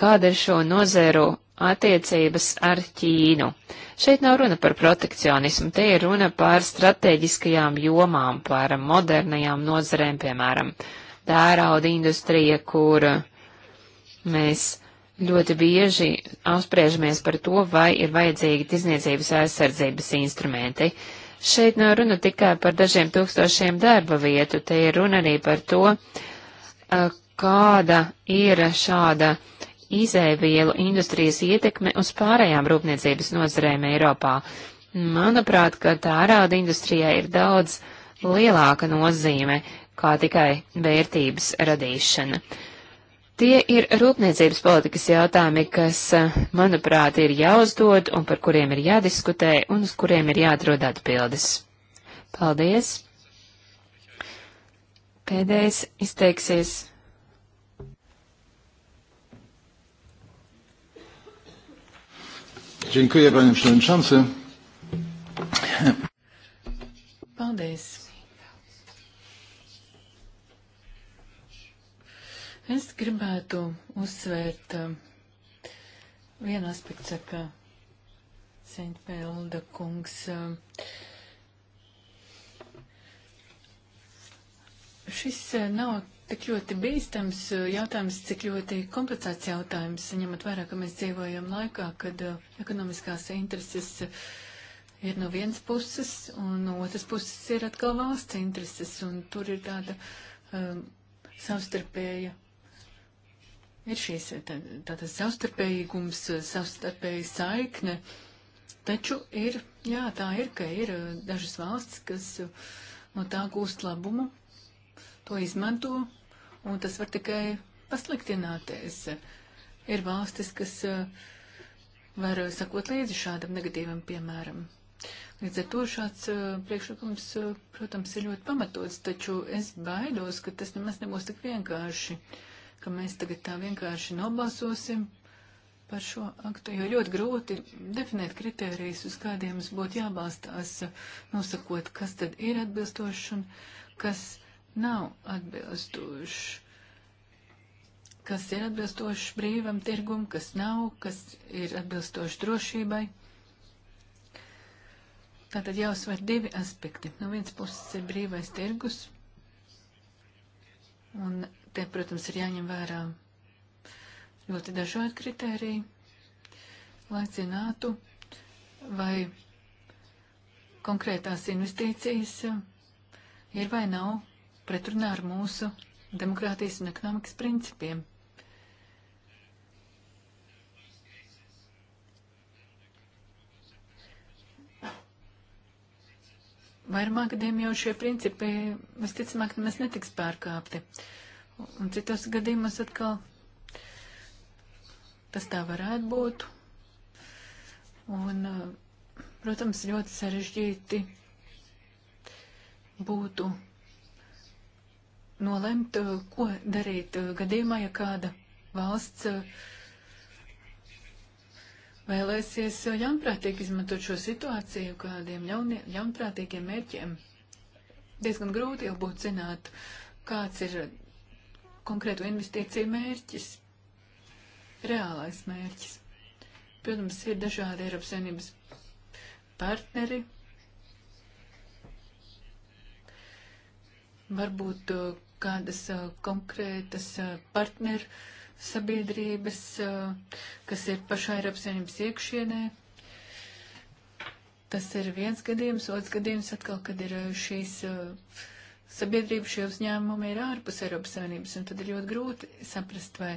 kāda ir šo nozeru attiecības ar Ķīnu. Šeit nav runa par protekcionismu, te ir runa par strateģiskajām jomām, par modernajām nozarēm, piemēram, tērauda industrija, kur mēs ļoti bieži apspriežamies par to, vai ir vajadzīgi tizniecības aizsardzības instrumenti. Šeit nav no runa tikai par dažiem tūkstošiem darba vietu, te ir runa arī par to, eh, kāda ir šāda izēvielu industrijas ietekme uz pārējām rūpniecības nozarēm Eiropā. Manuprāt, ka tērauda industrijai ir daudz lielāka nozīme kā tikai vērtības radīšana. Uh, Tie ir rūpniecības politikas jautājumi, kas, eh, manuprāt, ir jāuzdod un par kuriem ir jādiskutē un uz kuriem ir jāatrod atbildes. Paldies! Pēdējais izteiksies. Dziękuję, panie przewodniczący. Paldies, Es gribētu uzsvērt uh, vienu aspektu, ka Sentpēlda kungs uh, šis uh, nav tik ļoti bīstams uh, jautājums, cik ļoti komplicēts jautājums, ņemot vērā, ka mēs dzīvojam laikā, kad uh, ekonomiskās intereses uh, ir no vienas puses, un no otras puses ir atkal valsts intereses, un tur ir tāda um, savstarpēja ir šīs tādas savstarpējīgums, savstarpēja saikne. Taču ir, jā, tā ir, ka ir uh, dažas valsts, kas uh, no tā gūst labumu, to izmanto, un tas var tikai pasliktināties. Ir valstis, kas uh, var sakot līdzi šādam negatīvam piemēram. Līdz ar to šāds priekšlikums, protams, ir ļoti pamatots, taču es baidos, ka tas nemaz nebūs tik vienkārši. Uh, ka mēs tagad tā vienkārši nobalsosim par šo aktu, jo ļoti grūti definēt kritērijas, uz kādiem mums būtu jābalstās, nosakot, kas tad ir atbilstošs un kas nav atbilstošs. Kas ir atbilstošs brīvam tirgum, kas nav, kas ir atbilstošs drošībai. Tātad jāuzsver divi aspekti. No nu, viens puses ir brīvais tirgus, un Te, protams, ir jāņem vērā ļoti dažādi kritēriji, lai zinātu, vai konkrētās investīcijas ir vai nav pretrunā ar mūsu demokrātijas un ekonomikas principiem. Vairumā gadiem jau šie principi, visticamāk, nemaz netiks pārkāpti. Uh, Un citos gadījumos atkal tas tā varētu būt. Un, eh, protams, ļoti sarežģīti būtu nolemt, eh, ko darīt eh, gadījumā, ja kāda valsts vēlēsies ļaunprātīgi izmantot šo situāciju kādiem ļaunie, ļaunprātīgiem mērķiem. Diezgan grūti jau būtu zināt, kāds ir konkrēto investīciju mērķis, reālais mērķis. Protams, ir dažādi Eiropas Savienības partneri. Varbūt uh, kādas uh, konkrētas uh, partneru sabiedrības, kas ir pašā Eiropas Savienības iekšienē. Tas ir viens gadījums, otrs gadījums atkal, kad ir šīs uh, sabiedrība šie uzņēmumi ir ārpus Eiropas Savienības, un tad ir ļoti grūti saprast, vai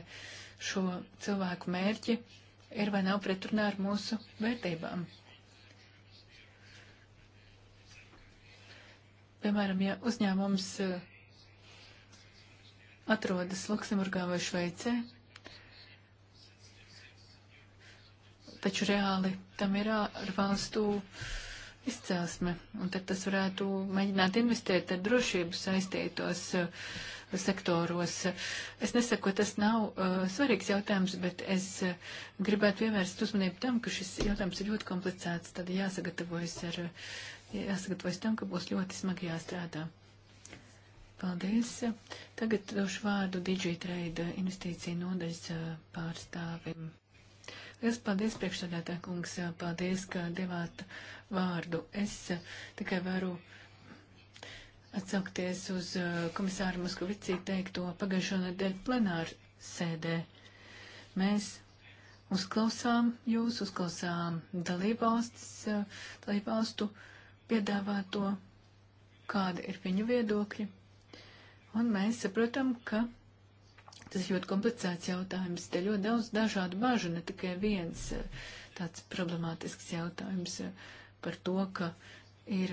šo cilvēku mērķi ir vai nav pretrunā ar mūsu vērtībām. Piemēram, ja uzņēmums eh, atrodas Luksemburgā vai Šveicē, taču reāli tam ir ārvalstu. Ar izcelsme. Un tad tas varētu mēģināt investēt ar drošību saistītos uh, sektoros. Es nesaku, ka tas nav uh, svarīgs jautājums, bet es uh, gribētu pievērst uzmanību tam, ka šis jautājums ir ļoti komplicēts. Tad jāsagatavojas, ar, uh, jāsagatavojas tam, ka būs ļoti smagi jāstrādā. Paldies. Tagad došu vārdu DigiTrade investīciju nodaļas uh, pārstāvim. Liels paldies, priekšsādātā kungs, paldies, ka devāt vārdu. Es eh, tikai varu atsaukties uz eh, komisāru Moskvicī teikto pagājušo nedēļu plenāru sēdē. Mēs uzklausām jūs, uzklausām dalībvalstis, eh, dalībvalstu piedāvāto, kāda ir viņu viedokļi. Un mēs saprotam, ka tas ļoti komplicēts jautājums. Te ļoti daudz dažādu bažu, ne tikai viens tāds problemātisks jautājums. Uh, par to, ka ir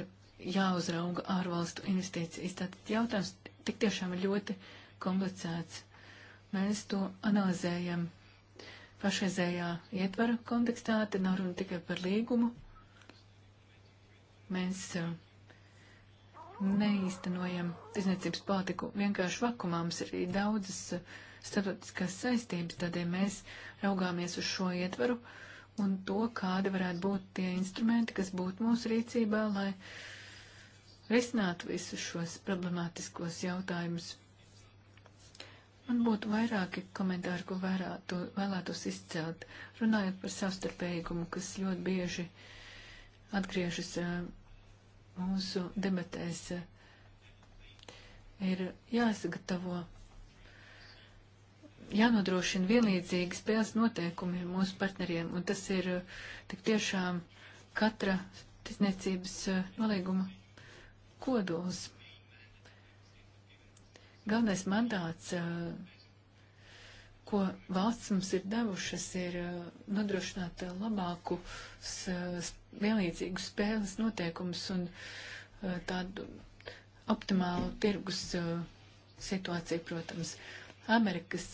jāuzrauga ārvalstu investīcijas. Tātad jautājums tik tiešām ir ļoti komplicēts. Mēs to analizējam pašreizējā ietvara kontekstā, te nav runa tikai par līgumu. Mēs uh, neīstenojam tirzniecības politiku vienkārši vakumā. Mums ir arī daudzas uh, starptautiskās saistības, tādēļ mēs raugāmies uz šo ietvaru. Uh, un to, kādi varētu būt tie instrumenti, kas būtu mūsu rīcībā, lai risinātu visus šos problemātiskos jautājumus. Man būtu vairāki komentāri, ko vērātu, vēlētos izcelt, runājot par savstarpējumu, kas ļoti bieži atgriežas mūsu debatēs. Ir jāsagatavo jānodrošina vienlīdzīgi spēles noteikumi mūsu partneriem, un tas ir uh, tik tiešām katra tirdzniecības uh, nolīguma kodols. Galvenais mandāts, uh, ko valsts mums ir devušas, ir nodrošināt labākus vienlīdzīgus spēles noteikumus un tādu optimālu tirgus situāciju, protams. Uh, Amerikas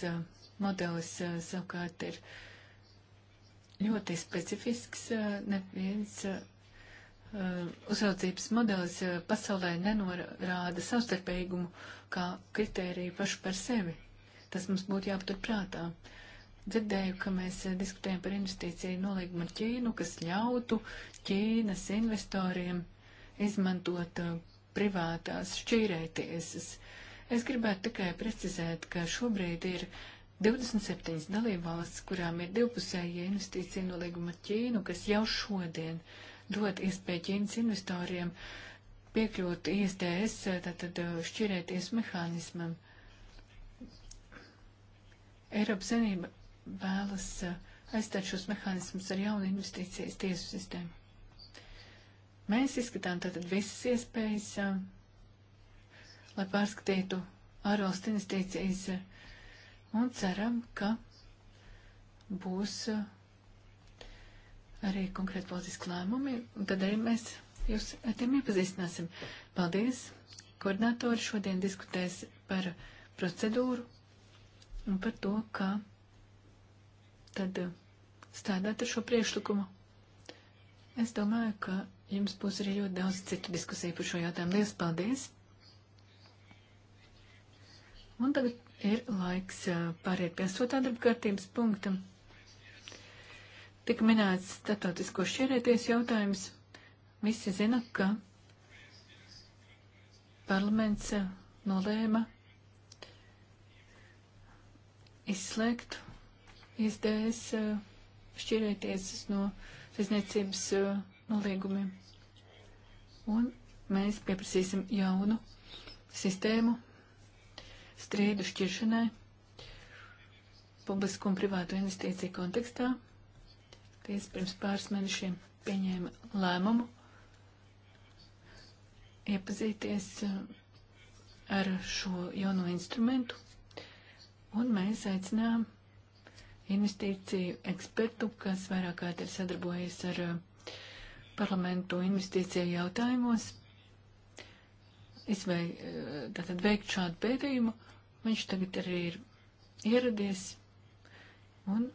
modelis savukārt ir ļoti specifisks. Neviens uzraudzības modelis pasaulē nenorāda savstarpējumu kā kritēriju pašu par sevi. Tas mums būtu jāpatur prātā. Dzirdēju, ka mēs diskutējam par investīciju nolīgumu ar Ķīnu, kas ļautu Ķīnas investoriem izmantot privātās šķīrētiesas. Uh, Es gribētu tikai precizēt, ka šobrīd ir 27 dalībvalsts, kurām ir divpusējie investīcija nolīguma Ķīnu, kas jau šodien dod iespēju Ķīnas investoriem piekļūt ISDS, tātad uh, šķirēties mehānismam. Eiropas Savienība vēlas uh, aizstāt šos mehānismus ar jaunu investīcijas tiesu sistēmu. Mēs izskatām tātad visas iespējas uh, lai pārskatītu ārvalstu investīcijas un ceram, ka būs eh, arī konkrēti politiski lēmumi, un tad arī mēs jūs ar tiem iepazīstināsim. Paldies! Koordinātori šodien diskutēs par procedūru un par to, kā tad eh, strādāt ar šo priekšlikumu. Es domāju, ka jums būs arī ļoti daudz citu diskusiju par šo jautājumu. Lielas paldies! Un tagad ir laiks pāriet pie astotā darba kārtības punkta. Tika minēts statotisko šķirēties jautājums. Visi zina, ka parlaments nolēma izslēgt izdējas šķirēties no izniecības nolīgumiem. Un mēs pieprasīsim jaunu sistēmu strīdu šķiršanai publisku un privātu investīciju kontekstā. Tiesa pirms pāris mēnešiem pieņēma lēmumu iepazīties ar šo jauno instrumentu, un mēs aicinām investīciju ekspertu, kas vairāk kārt ir sadarbojies ar э, parlamentu investīciju jautājumos, izvei, eh, tātad veikt šādu pētījumu. Viņš tagad arī ir ieradies un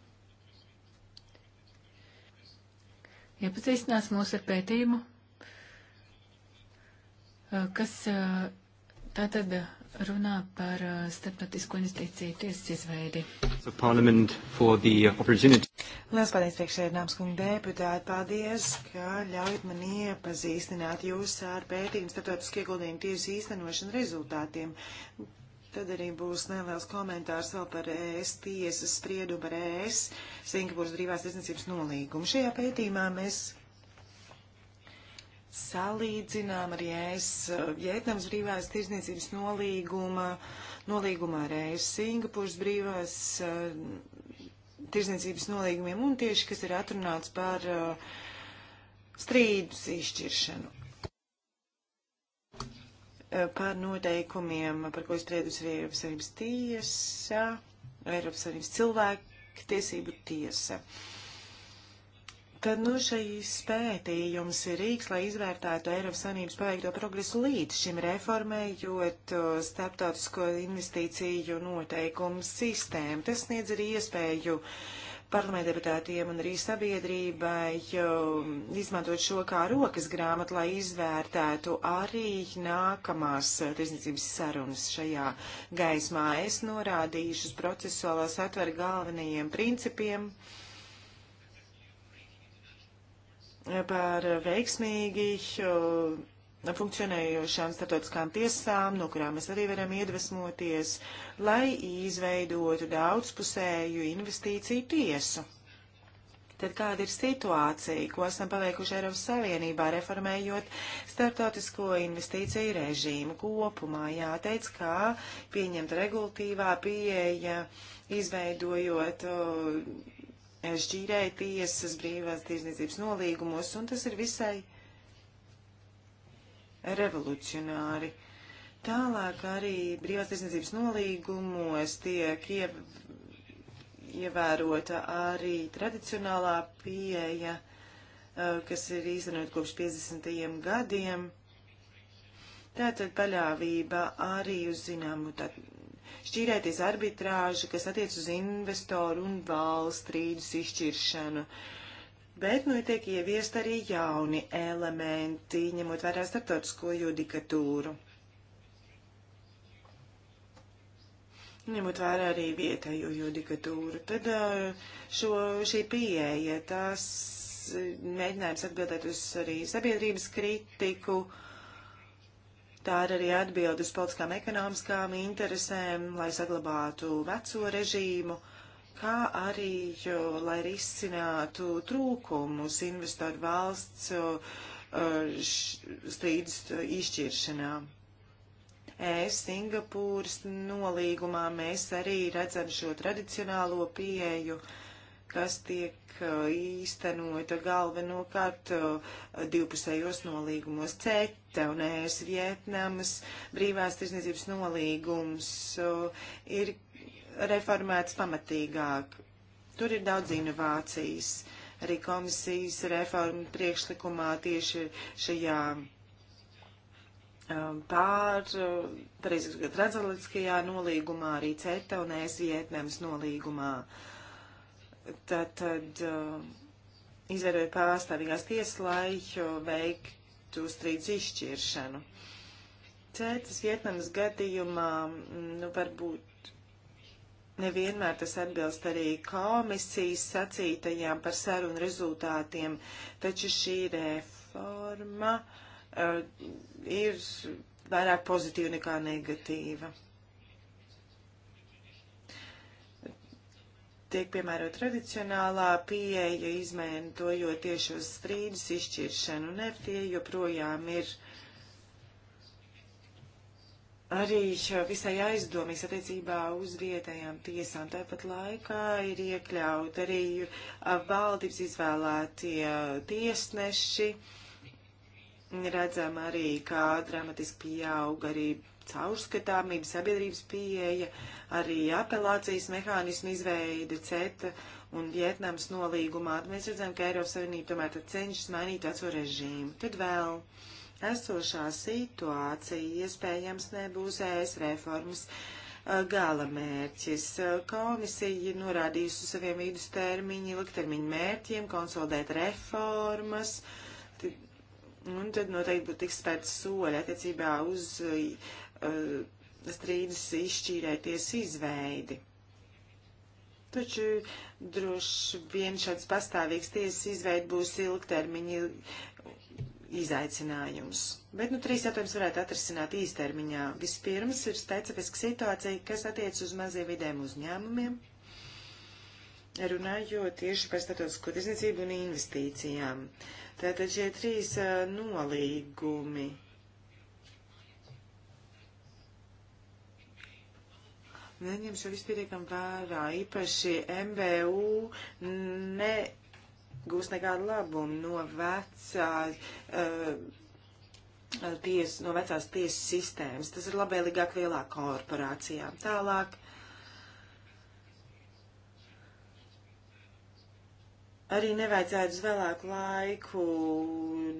iepazīstinās mūs ar pētījumu, eh, kas eh, tātad. Uh, runā par uh, starptautisko investīciju tiesas izveidi. Lielas paldies priekšsēdināms kungi deputāti, paldies, ka ļaujat man iepazīstināt jūs ar pētījumu starptautisku ieguldījumu tiesu īstenošanu rezultātiem. Tad arī būs neliels komentārs vēl par ES tiesas spriedumu par ES Singapūras brīvās tiesniecības nolīgumu. Šajā pētījumā mēs salīdzinām arī es eh, Vietnams brīvās tirzniecības nolīguma, nolīgumā ar es Singapūras brīvās eh, tirzniecības nolīgumiem un tieši, kas ir atrunāts par eh, strīdus izšķiršanu par noteikumiem, par ko izspriedusi arī Eiropas Savienības tiesa, Eiropas Savienības cilvēku tiesību tiesa. Uh, Tad nu šīs pētījums ir rīks, lai izvērtētu Eiropas Savienības paveikto progresu līdz šim reformējot uh, starptautisko investīciju noteikumu sistēmu. Tas sniedz arī iespēju parlamentdeputātiem un arī sabiedrībai um, izmantot šo kā rokas grāmatu, lai izvērtētu arī nākamās tirsniecības sarunas šajā gaismā. Es norādīšu procesuālā satvera galvenajiem principiem. Uh, par veiksmīgi funkcionējošām starptautiskām tiesām, no kurām mēs arī varam iedvesmoties, lai izveidotu daudzpusēju investīciju tiesu. Tad kāda ir situācija, ko esam paveikuši Eiropas Savienībā, reformējot starptautisko investīciju režīmu kopumā? Jāteic, kā pieņemta regulatīvā pieeja, izveidojot uh, šķīrēja tiesas brīvās tiesniecības nolīgumos, un tas ir visai revolucionāri. Tālāk arī brīvās tiesniecības nolīgumos tiek iev ievērota arī tradicionālā pieeja, kas ir īstenot kopš 50. gadiem. Tātad paļāvība arī uz zināmu tādu šķīrēties arbitrāža, kas attiec uz investoru un valsts strīdus izšķiršanu. Bet nu tiek ieviest arī jauni elementi, ņemot vērā starptautisko judikatūru. Ņemot vērā arī vietējo judikatūru, tad šo, šī pieeja, tās mēģinājums atbildēt uz arī sabiedrības kritiku, uh, Tā ir arī atbildes politiskām ekonomiskām interesēm, lai saglabātu veco režīmu, kā arī, jo, lai risinātu trūkumus investoru valsts strīdus izšķiršanā. Es Singapūras nolīgumā mēs arī redzam šo tradicionālo pieeju, uh, kas tiek īstenota galvenokārt divpusējos nolīgumos CETA un ES Vietnamas brīvās tirzniecības nolīgums ir reformēts pamatīgāk. Tur ir daudz inovācijas. Arī komisijas reforma priekšlikumā tieši šajā pār Trezaliskajā nolīgumā, arī CETA un ES Vietnamas nolīgumā. Uh, Tātad uh, izveidoja pārstāvīgās tiesas, lai uh, veiktu strīdus izšķiršanu. Cētas Vietnamas gadījumā, nu, varbūt nevienmēr tas atbilst arī komisijas sacītajām par sarunu rezultātiem, taču šī reforma uh, ir vairāk pozitīva nekā negatīva. tiek piemērot tradicionālā pieeja, izmantojot tieši uz strīdus izšķiršanu, un FTA joprojām ir arī visai aizdomīgs attiecībā uz vietējām tiesām. Tāpat laikā ir iekļaut arī valdības izvēlētie tiesneši. Redzam arī, kā dramatiski pieaug arī caurskatāmība, sabiedrības pieeja, arī apelācijas mehānismu izveide CETA un Vietnams nolīgumā. Mēs redzam, ka Eiropas Savienība tomēr cenšas mainīt veco režīmu. Tad vēl esošā situācija iespējams nebūs ES reformas gala mērķis. Komisija ir norādījusi saviem vidustermiņa, ilgtermiņa mērķiem, konsolidēt reformas, un tad noteikti būtu tiks spērts soļi attiecībā uz Eh, strīdas izšķīrēties izveidi. Taču droši vien šāds pastāvīgs tiesas izveidi būs ilgtermiņa izaicinājums. Bet, nu, trīs jautājumus varētu atrisināt īstermiņā. Vispirms ir specifiska situācija, kas attiec uz mazie vidēm uzņēmumiem, runājot tieši par statusko tirzniecību un investīcijām. Tātad šie trīs uh, nolīgumi neņem šo visu pietiekam vērā. Īpaši MBU ne gūs nekādu labumu no vecā. Uh, Ties, no vecās tiesas sistēmas. Tas ir labēlīgāk lielāk korporācijām. Tālāk. Arī nevajadzētu uz vēlāku laiku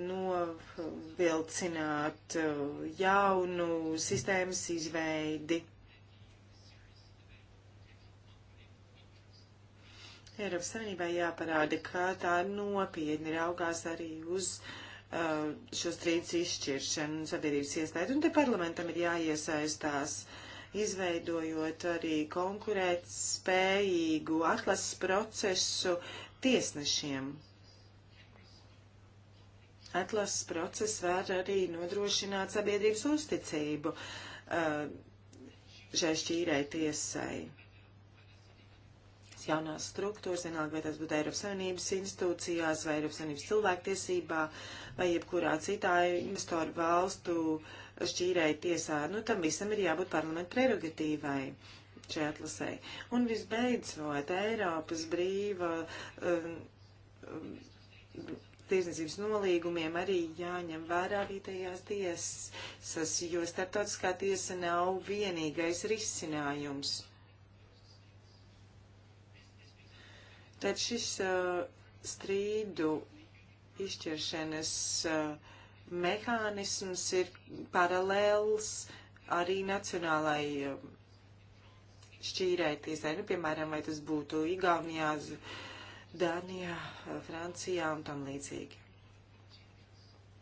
novilcināt eh, jaunu sistēmas izveidi. Eiropas Savienībai jāparāda, ka tā nopietni raugās arī uz uh, šo strīdus izšķiršanu sabiedrības iestādi, un te parlamentam ir jāiesaistās izveidojot arī konkurēt spējīgu atlases procesu tiesnešiem. Atlases process var arī nodrošināt sabiedrības uzticību uh, šai šķīrai tiesai jaunās struktūras, vienalga, vai tas būtu Eiropas Savienības institūcijās, vai Eiropas Savienības cilvēktiesībā, vai jebkurā citā investoru valstu šķīrēja tiesā. Nu, tam visam ir jābūt parlamentu prerogatīvai šai atlasē. Un visbeidzot, Eiropas brīva. Um, um, tirsniecības nolīgumiem arī jāņem vērā vietējās tiesas, jo starptautiskā tiesa nav vienīgais risinājums. Tad šis uh, strīdu izšķiršanas uh, mehānisms ir paralēls arī nacionālai uh, šķīrēties. Nu, piemēram, vai tas būtu Igaunijā, Dānijā, uh, Francijā un tam līdzīgi.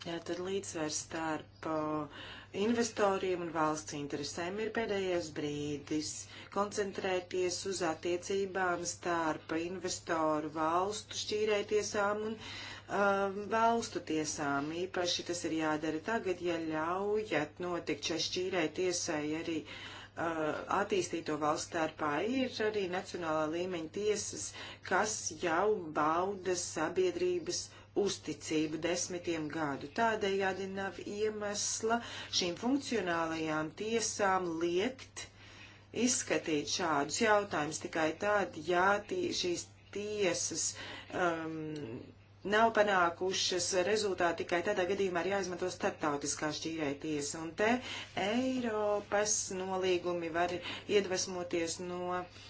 Jā, tad līdzsvers starp uh, Investoriem un valsts interesēm ir pēdējais brīdis koncentrēties uz attiecībām starp investoru valstu šķīrētiesām un um, valstu tiesām. Īpaši tas ir jādara tagad, ja ļaujat notikt šai šķīrētiesai arī uh, attīstīto valstu starpā ir arī nacionālā līmeņa tiesas, kas jau bauda sabiedrības uzticību desmitiem gadu. Tādējādi nav iemesla šīm funkcionālajām tiesām liekt izskatīt šādus jautājumus tikai tad, ja tī, šīs tiesas um, nav panākušas rezultāti tikai tādā gadījumā ir jāizmanto starptautiskā šķīrē tiesa. Un te Eiropas nolīgumi var iedvesmoties no uh,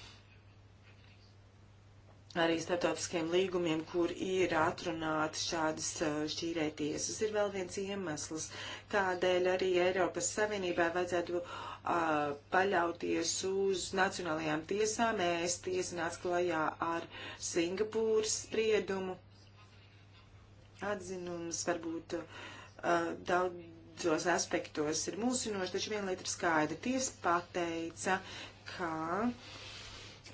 arī starptautiskiem līgumiem, kur ir atrunāti šādas eh, šķīrētiesas. Ir vēl viens iemesls, kādēļ arī Eiropas Savienībā vajadzētu uh, paļauties uz nacionālajām tiesām. Es tiesa nāc klajā ar Singapūras spriedumu. Atzinums varbūt uh, daudzos aspektos ir mūsinoši, taču viena lieta ir skaidra. Tiesa pateica, ka uh,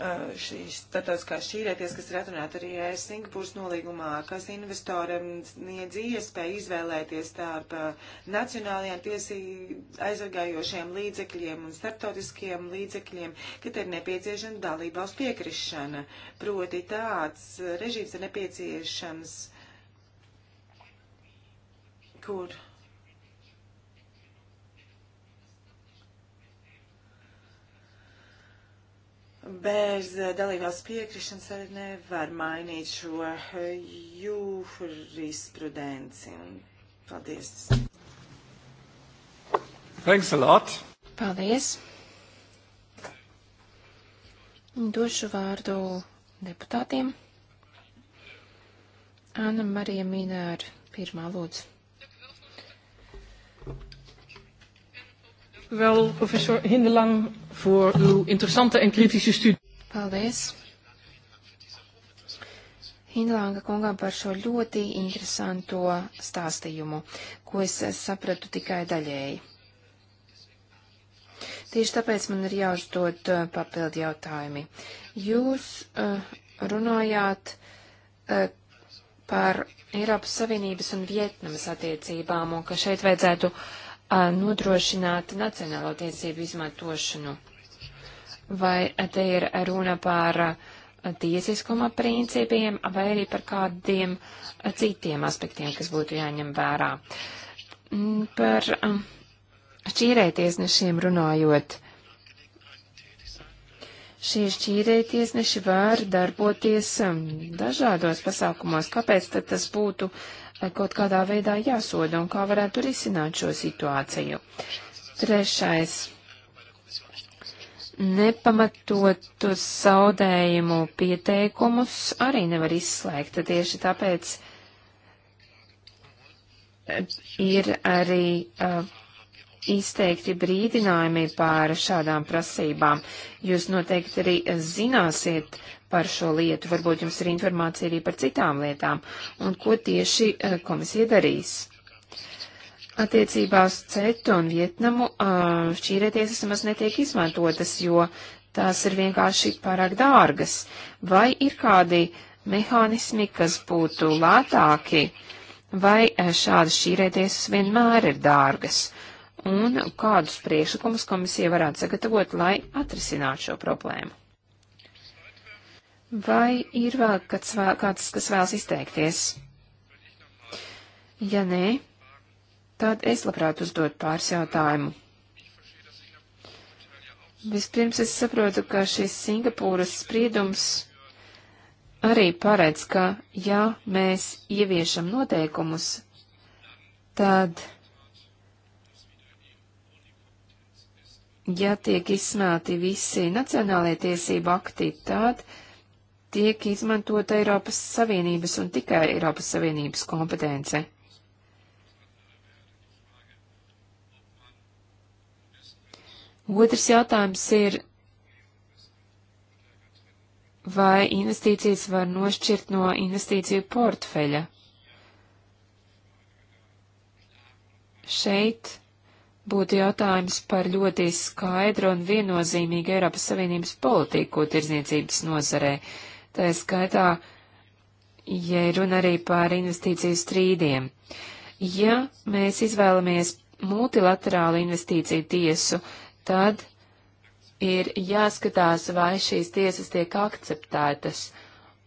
Uh, šīs starptautiskās šķīrēties, kas ir atrunāta arī Singapūras nolīgumā, kas investoram sniedz iespēju izvēlēties starp uh, nacionālajiem tiesību aizvargājošiem līdzekļiem un starptautiskiem līdzekļiem, ka te ir nepieciešama dalībvalsts piekrišana. Proti tāds režīms ir nepieciešams, kur Bez eh, dalībvalsts piekrišanas arī nevar mainīt šo eh, jurisprudenci. Paldies. Thanks a lot. Paldies. Došu vārdu deputātiem. Anna Marija Mīnēra, pirmā lūdzu. wel, professor Hindelang, voor uw interessante en kritische studie. Paldies. Hindelanga kungam par šo ļoti interesanto stāstījumu, ko es sapratu tikai daļēji. Tieši tāpēc man ir jāuzdod eh, papildu jautājumi. Jūs uh, runājāt uh, par Eiropas Savienības un Vietnamas attiecībām un ka šeit vajadzētu uh, nodrošināt nacionālo tiesību izmantošanu? Vai te ir runa par tiesiskuma principiem vai arī par kādiem citiem aspektiem, kas būtu jāņem vērā? Par šķīrētiesnešiem runājot. Uh, šie šķīrēji tiesneši var darboties um, dažādos pasākumos. Kāpēc tad tas būtu eh, kaut kādā veidā jāsoda un kā varētu risināt šo situāciju? Trešais. Nepamatotus zaudējumu pieteikumus arī nevar izslēgt, tieši tāpēc eh, ir arī uh, izteikti brīdinājumi par šādām prasībām. Jūs noteikti arī zināsiet par šo lietu, varbūt jums ir informācija arī par citām lietām, un ko tieši eh, komisija darīs. Attiecībā uz CETU un Vietnamu eh, šķīrēties vismaz netiek izmantotas, jo tās ir vienkārši pārāk dārgas. Vai ir kādi mehānismi, kas būtu lētāki, vai eh, šādas šķīrēties vienmēr ir dārgas? un kādus priekšlikumus komisija varētu sagatavot, lai atrisinātu šo problēmu. Vai ir vēl kāds, vēl, kāds kas vēlas izteikties? Ja nē, tad es labprāt uzdot pāris jautājumu. Vispirms es saprotu, ka šis Singapūras spriedums arī paredz, ka ja mēs ieviešam noteikumus, tad ja tiek izsmelti visi nacionālajie tiesību akti, tad tiek izmantota Eiropas Savienības un tikai Eiropas Savienības kompetence. Otrs jautājums ir, vai investīcijas var nošķirt no investīciju portfeļa? Šeit būtu jautājums par ļoti skaidru un viennozīmīgu Eiropas Savienības politiku tirzniecības nozarē. Tā ir skaitā, ja runa arī par investīciju strīdiem. Ja mēs izvēlamies multilaterālu investīciju tiesu, tad ir jāskatās, vai šīs tiesas tiek akceptētas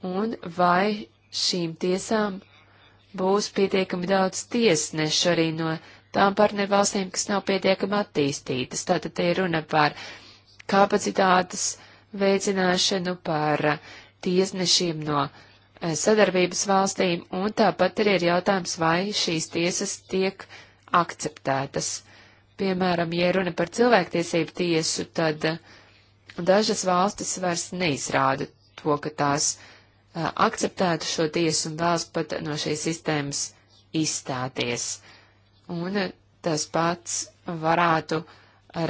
un vai šīm tiesām būs pietiekami daudz tiesnešu arī no tām partnervalstīm, kas nav pietiekami attīstītas. Tātad te ir runa par kapacitātes veicināšanu, par eh, tiesnešiem no eh, sadarbības valstīm, un tāpat arī ir jautājums, vai šīs tiesas tiek akceptētas. Piemēram, ja runa par cilvēktiesību tiesu, tad eh, dažas valstis vairs neizrāda to, ka tās akceptētu šo tiesu un vēlas pat no šīs sistēmas izstāties. Un tas pats varētu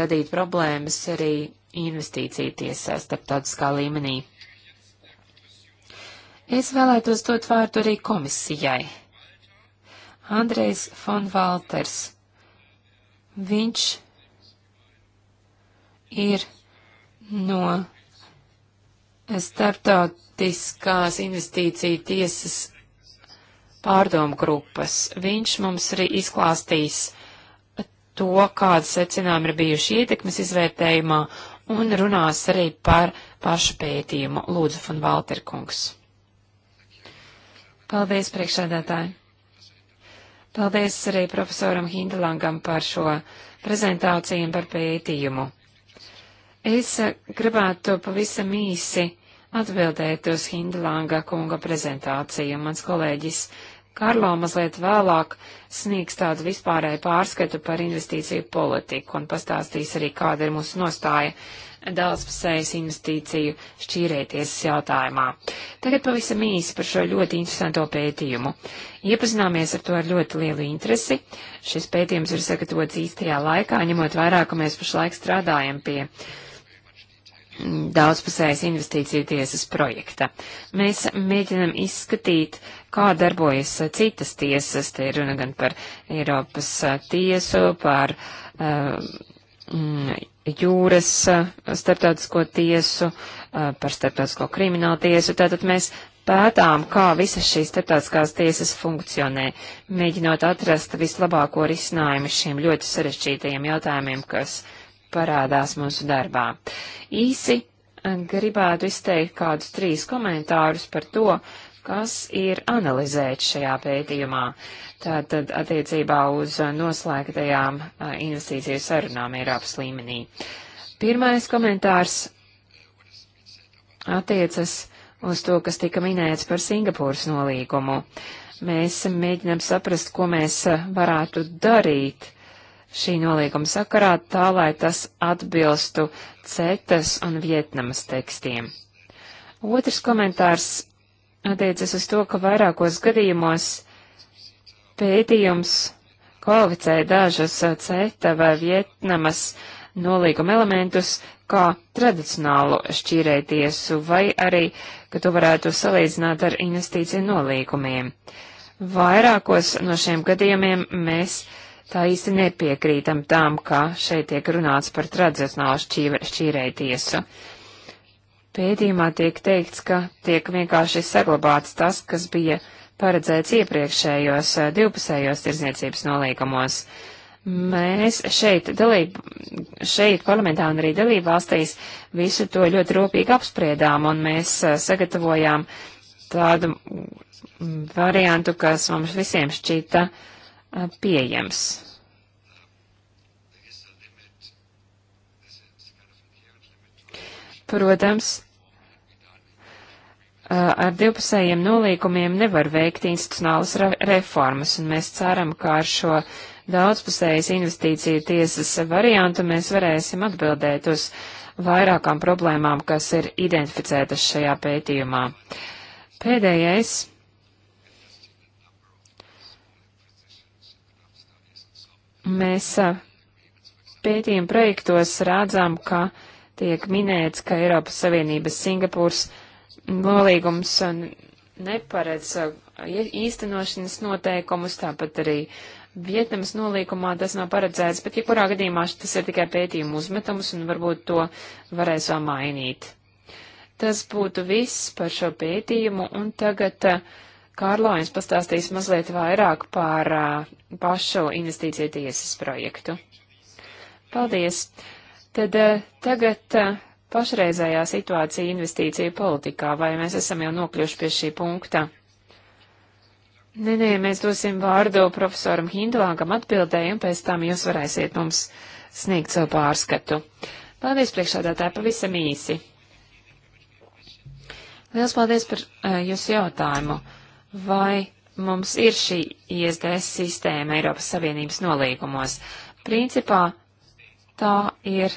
radīt problēmas arī investīciju tiesā starptautiskā līmenī. Es vēlētos dot vārdu arī komisijai. Andrejs von Walters. Viņš ir no starptautiskās investīcija tiesas pārdomu grupas. Viņš mums arī izklāstīs to, kādas secinājumi ir bijuši ietekmes izvērtējumā, un runās arī par pašu pētījumu. Lūdzu, Fun Valterkungs. Paldies, priekšādātāji! Paldies arī profesoram Hindelangam par šo prezentāciju un par pētījumu. Es gribētu pavisam īsi atbildēt uz Hindlanga kunga prezentāciju. Mans kolēģis Karlo mazliet vēlāk sniegs tādu vispārēju pārskatu par investīciju politiku un pastāstīs arī, kāda ir mūsu nostāja daudzpusējas investīciju šķīrēties jautājumā. Tagad pavisam īsi par šo ļoti interesanto pētījumu. Iepazināmies ar to ar ļoti lielu interesi. Šis pētījums ir sagatavots īstajā laikā, ņemot vairāk, ka mēs pašlaik strādājam pie uh, daudzpusējas investīciju tiesas projekta. Mēs mēģinam izskatīt, kā darbojas citas tiesas, te ir runa gan par Eiropas tiesu, par uh, jūras starptautisko tiesu, uh, par starptautisko kriminālu tiesu. Tātad mēs pētām, kā visas šīs starptautiskās tiesas funkcionē, mēģinot atrast vislabāko risinājumu šiem ļoti sarežģītajiem jautājumiem, kas uh, parādās mūsu darbā. Īsi eh, gribētu izteikt kādus trīs komentārus par to, kas ir analizēts šajā pētījumā. Tātad attiecībā uz eh, noslēgtajām eh, investīciju sarunām Eiropas līmenī. Pirmais komentārs attiecas uz to, kas tika minēts par Singapūras nolīgumu. Mēs mēģinam saprast, ko mēs varētu darīt šī nolīguma sakarā tā, lai tas atbilstu CETAS un Vietnamas tekstiem. Otrs komentārs attiecas uz to, ka vairākos gadījumos pētījums kvalificēja dažus CETA vai Vietnamas nolīguma elementus kā tradicionālu šķīrētiesu vai arī, ka to varētu salīdzināt ar investīciju nolīgumiem. Vairākos no šiem gadījumiem mēs uh, tā īsti nepiekrītam tam, ka šeit tiek runāts par tradicionālu šķīrēju tiesu. Pētījumā tiek teikts, ka tiek vienkārši saglabāts tas, kas bija paredzēts iepriekšējos eh, divpusējos tirzniecības nolīgumos. Mēs šeit, dalību, šeit parlamentā un arī dalībvalstīs visu to ļoti rūpīgi apspriedām, un mēs eh, sagatavojām tādu variantu, kas mums visiem šķita uh, Uh, pieejams. Protams, uh, ar divpusējiem nolīkumiem nevar veikt institucionālas re reformas, un mēs ceram, ka ar šo daudzpusējas investīciju tiesas variantu mēs varēsim atbildēt uz vairākām problēmām, kas ir identificētas šajā pētījumā. Pēdējais Mēs pētījuma projektos rādzām, ka tiek minēts, ka Eiropas Savienības Singapūras nolīgums neparedz īstenošanas noteikumus, tāpat arī Vietnams nolīkumā tas nav paredzēts, bet jebkurā ja gadījumā tas ir tikai pētījuma uzmetums un varbūt to varēs vēl mainīt. Tas būtu viss par šo pētījumu, un tagad uh, Kārlājums pastāstīs mazliet vairāk par uh, pašu investīciju tiesas projektu. Paldies! Tad uh, tagad uh, pašreizējā situācija investīciju politikā, vai mēs esam jau nokļuši pie šī punkta? Nē, nē, mēs dosim vārdu profesoram Hindlāngam atbildēju, un pēc tam jūs varēsiet mums sniegt savu pārskatu. Paldies priekšādātāji pavisam īsi. Liels paldies par uh, jūsu jautājumu. Uh, vai mums ir šī ISDS sistēma Eiropas Savienības nolīgumos. Principā tā ir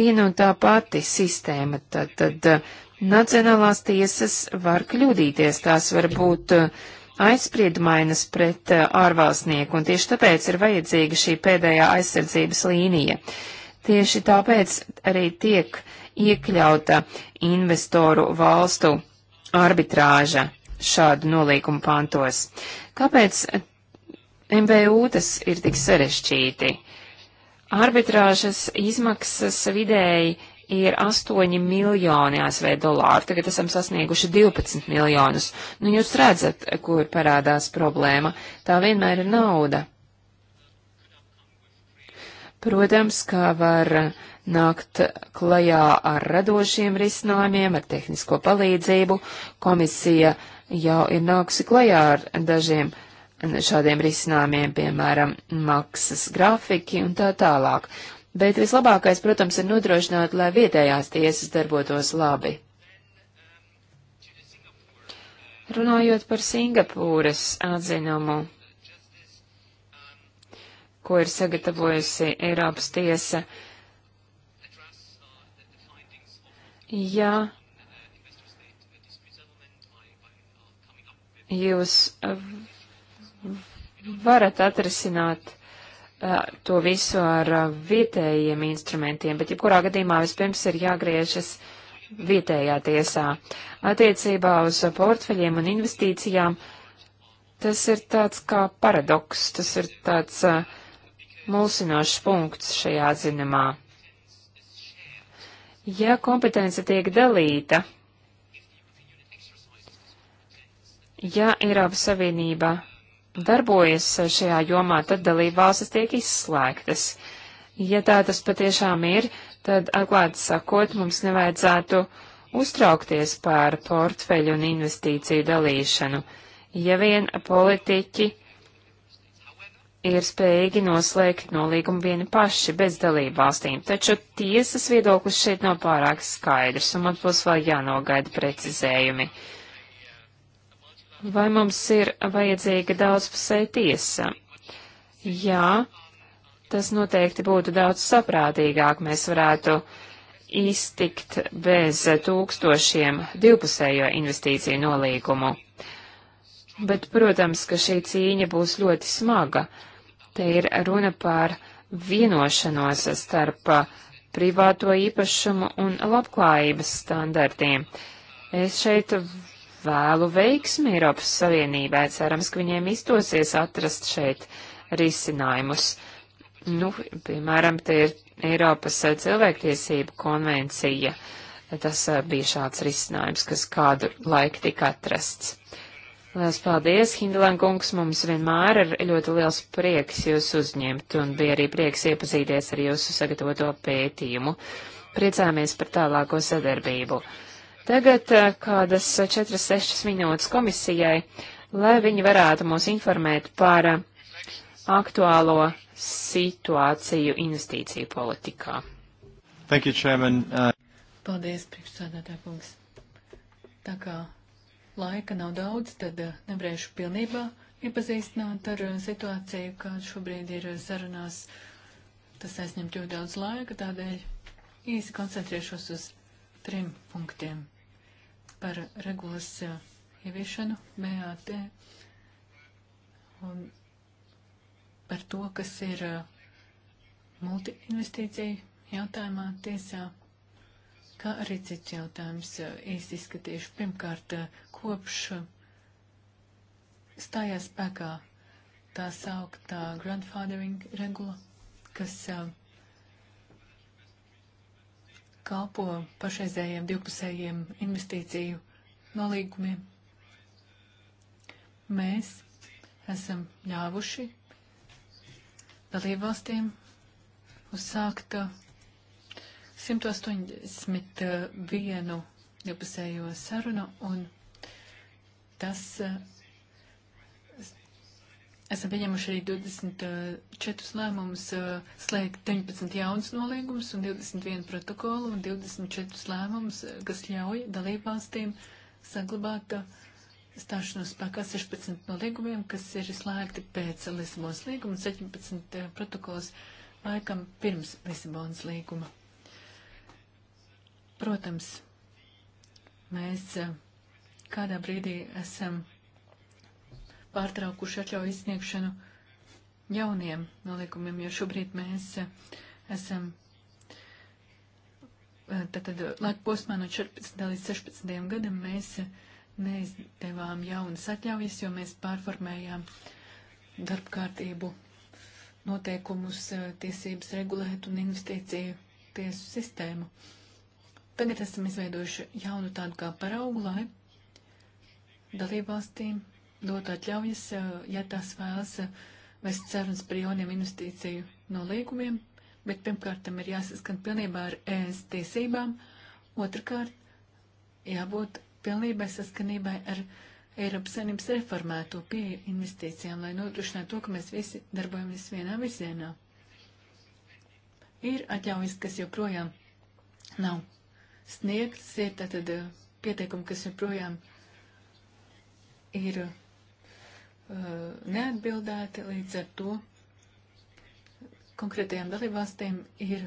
viena un tā pati sistēma. Tad, tad eh, nacionālās tiesas var kļūdīties, tās var būt eh, aizspriedumainas pret eh, ārvalstnieku, un tieši tāpēc ir vajadzīga šī pēdējā aizsardzības līnija. Tieši tāpēc arī tiek iekļauta investoru valstu arbitrāža šādu nolīkumu pantos. Kāpēc MBU tas ir tik sarešķīti? Arbitrāžas izmaksas vidēji ir 8 miljoni ASV dolāru, tagad esam sasnieguši 12 miljonus. Nu, jūs redzat, kur parādās problēma. Tā vienmēr ir nauda. Protams, kā var nākt klajā ar radošiem risinājumiem, ar tehnisko palīdzību. Komisija uh, jau ir nākusi klajā ar dažiem šādiem risinājumiem, piemēram, maksas grafiki un tā tālāk. Bet vislabākais, protams, ir nodrošināt, lai vietējās tiesas darbotos labi. Runājot par Singapūras atzinumu, ko ir sagatavojusi Eiropas tiesa, ja jūs eh, varat atrisināt eh, to visu ar eh, vietējiem instrumentiem, bet jebkurā gadījumā vispirms ir jāgriežas vietējā tiesā. Attiecībā uz portfeļiem un investīcijām tas ir tāds kā paradoks, tas ir tāds mulsinošs punkts šajā atzinumā. Ja kompetence tiek dalīta, Ja Eiropas Savienība darbojas šajā jomā, tad dalībvalstis tiek izslēgtas. Ja tā tas patiešām ir, tad, atklāti sakot, mums nevajadzētu uztraukties par portfeļu un investīciju dalīšanu, ja vien politiķi ir spējīgi noslēgt nolīgumu vieni paši bez dalību valstīm, taču tiesas viedoklis šeit nav pārāk skaidrs, un man būs vēl jānogaida precizējumi. Uh, Vai mums ir vajadzīga daudzpusēja tiesa? Jā, tas noteikti būtu daudz saprātīgāk. Mēs varētu iztikt bez tūkstošiem divpusējo investīciju nolīgumu. Bet, protams, ka šī cīņa būs ļoti smaga. Te ir runa par vienošanos starp privāto īpašumu un labklājības standartiem. Es šeit vēlu veiksmi Eiropas Savienībai. Cerams, ka viņiem izdosies atrast šeit risinājumus. Nu, piemēram, te ir Eiropas cilvēktiesību konvencija. Tas eh, bija šāds risinājums, kas kādu laiku tika atrasts. Lielas paldies, Hindelan kungs, mums vienmēr ir ļoti liels prieks jūs uzņemt, un bija arī prieks iepazīties ar jūsu sagatavoto pētījumu. Priecāmies par tālāko sadarbību. Tagad eh, kādas 4-6 minūtes komisijai, lai viņi varētu mūs informēt par eh, aktuālo situāciju investīciju politikā. Thank you, Chairman. Uh... Paldies, priekšsādātāja kungs. Tā kā laika nav daudz, tad eh, nevarēšu pilnībā iepazīstināt ar situāciju, kāda šobrīd ir sarunās. Tas aizņem ļoti daudz laika, tādēļ īsi koncentrēšos uz trim punktiem par regulas uh, ieviešanu BAT un par to, kas ir uh, multiinvestīciju jautājumā tiesā, kā arī cits jautājums uh, īsti izskatīšu. Pirmkārt, kopš stājās spēkā tā sauktā grandfathering regula, kas uh, kalpo pašreizējiem divpusējiem investīciju nolīgumiem. Mēs esam ļāvuši dalībvalstīm uzsākt 181 uh, uh, divpusējo sarunu, un tas uh, Esam pieņemuši arī 24 lēmumus, eh, slēgt 19 jaunas nolīgumus un 21 protokolu un 24 lēmumus, eh, kas ļauj dalībvalstīm saglabāt eh, stāšanos spēkā 16 nolīgumiem, kas ir slēgti pēc Lisabonas līguma un 17 protokols laikam pirms Lisabonas līguma. Protams, mēs kādā brīdī esam pārtraukuši atļauju izsniegšanu jauniem nolikumiem, jo šobrīd mēs eh, esam eh, tātad eh, laika posmā no 14. līdz 16. gadam mēs neizdevām jaunas atļaujas, jo mēs pārformējām darbkārtību noteikumus, tiesības regulēt un investīciju tiesu sistēmu. Tagad esam izveidojuši jaunu tādu kā paraugu, lai dalībvalstīm dot atļaujas, eh, ja tās vēlas eh, vest sarunas par jauniem investīciju nolīgumiem, bet pirmkārt tam ir jāsaskan pilnībā ar ES tiesībām, otrkārt jābūt pilnībai saskanībai ar Eiropas Savienības reformēto pieeju investīcijām, lai nodrošinātu to, ka mēs visi darbojamies vienā virzienā. Ir atļaujas, kas joprojām nav sniegtas, ir tātad eh, pieteikumi, kas joprojām ir Eh, neatbildēti, līdz ar to konkrētajām dalībvalstīm ir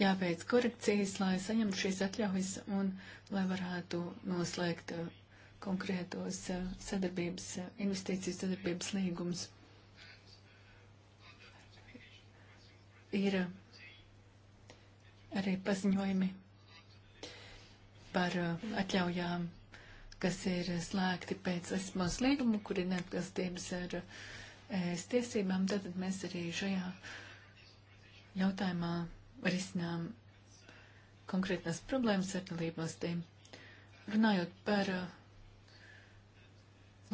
jāveic korekcijas, lai saņemtu šīs atļaujas un lai varētu noslēgt eh, konkrētos eh, sadarbības, investīciju sadarbības līgumus. Ir arī paziņojumi par atļaujām kas ir slēgti pēc Lisbonas līguma, kur ir neatbilstības ar ES tiesībām, tad mēs arī šajā jautājumā risinām konkrētās problēmas ar dalībvalstīm. Runājot par uh,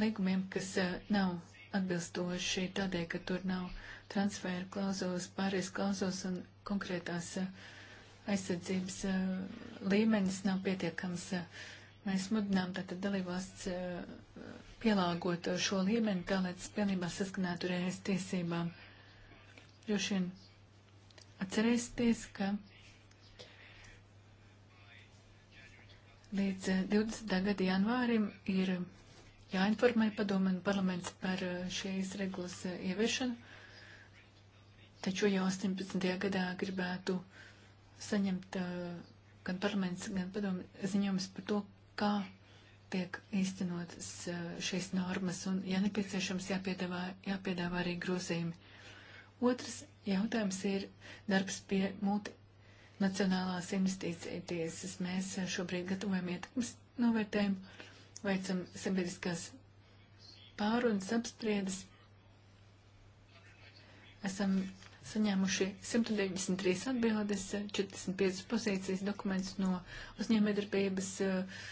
līgumiem, kas uh, nav atbilstoši tādēļ, ka tur nav transfēra klauzulas, pāris klauzulas un konkrētās uh, aizsardzības līmenis nav pietiekams. Uh, Mēs mudinām tātad dalībvalsts eh, pielāgot šo līmeni tā, lai tas pilnībā saskanētu ar ES tiesībām. Droši vien atcerēsieties, ka līdz 20. Eh, gada janvārim ir jāinformē padomu un parlaments par eh, šīs regulas ieviešanu, taču jau 18. gadā gribētu saņemt gan parlaments, gan padomu ziņojums par to, kā tiek īstenotas eh, šīs normas un, ja nepieciešams, jāpiedāvā, jāpiedāvā arī grozījumi. Otrs jautājums ir darbs pie multinacionālās investīcija tiesas. Mēs eh, šobrīd gatavojam ietekmes novērtējumu, veicam sabiedriskās pārunas apspriedas. Esam saņēmuši 193 atbildes, 45 eh, pozīcijas dokumentus no uzņēmējdarbības. Uh,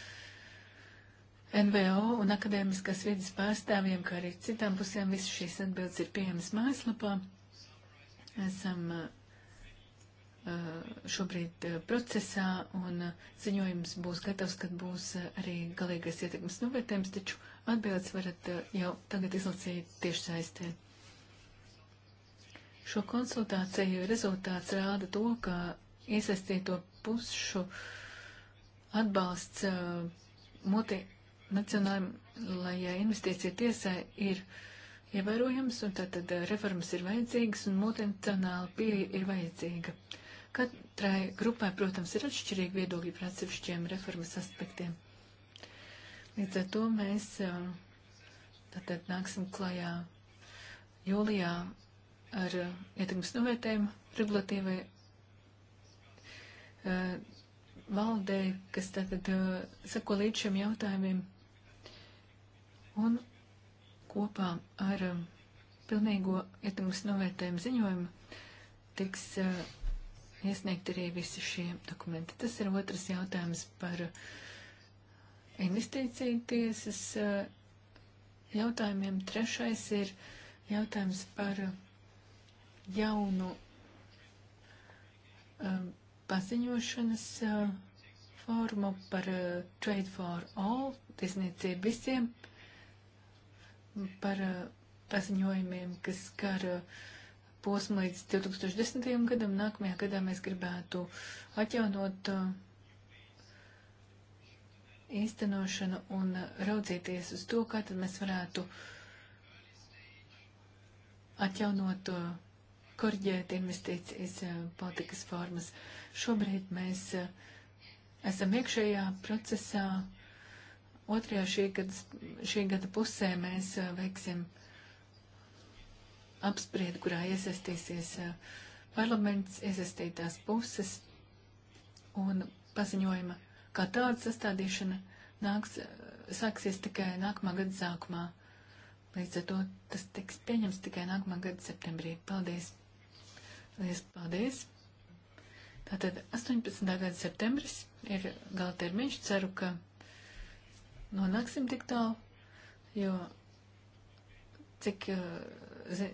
NVO un akadēmiskās vidas pārstāvjiem, kā arī citām pusēm, visas šīs atbildes ir pieejamas mājaslapā. Esam eh, eh, šobrīd eh, procesā un ziņojums būs gatavs, kad būs arī galīgais ietekmes novērtējums, taču atbildes varat jau tagad izlasīt tieši saistē. Šo konsultāciju rezultāts rāda to, ka iesaistīto pušu atbalsts moti Nacionālajai investīcija tiesai ir ievērojams, un tātad eh, reformas ir vajadzīgas, un multinacionāla pieeja ir vajadzīga. Katrai grupai, protams, ir atšķirīgi viedokļi par atsevišķiem reformas aspektiem. Līdz ar to mēs tātad eh, nāksim klajā jūlijā ar eh, ietekmes novērtējumu regulatīvai valdē, kas tātad sako līdz šiem jautājumiem un kopā ar um, pilnīgo ietekmes novērtējumu ziņojumu tiks uh, iesniegt arī visi šie dokumenti. Tas ir otrs jautājums par uh, investīciju tiesas uh, jautājumiem. Trešais ir jautājums par uh, jaunu um, uh, paziņošanas formu par uh, Trade for All, tiesniecību visiem. Uh, par eh, paziņojumiem, kas skar eh, posmu līdz 2010. gadam. Nākamajā gadā mēs gribētu atjaunot eh, īstenošanu un raudzīties uz to, kā tad mēs varētu atjaunot, korģēt investīcijas politikas formas. Šobrīd mēs esam iekšējā procesā Otrajā šī, gads, šī gada pusē mēs uh, veiksim apspriedu, kurā iesaistīsies uh, parlaments, iesaistītās puses un paziņojuma kā tāda sastādīšana nāks, uh, sāksies tikai nākamā gada sākumā. Līdz ar to tas tiks pieņems tikai nākamā gada septembrī. Paldies! Lielas paldies! Tātad 18. gada septembris ir gala termiņš. Ceru, ka nonāksim tik tālu, jo, cik, eh,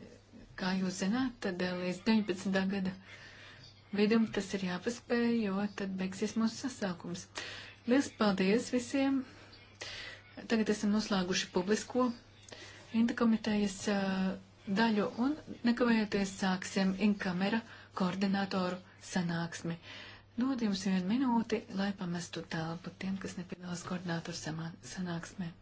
kā jūs zināt, tad eh, līdz 19. gada vidum tas ir jāpaspēj, jo tad beigsies mūsu sasaukums. Liels paldies visiem! Tagad esam noslēguši publisko interkomitejas eh, daļu un nekavējoties sāksim inkamera koordinātoru sanāksmi. Dod jums vienu minūti, lai pamestu telpu tiem, kas nepiedalās koordinātoru sanāksmē.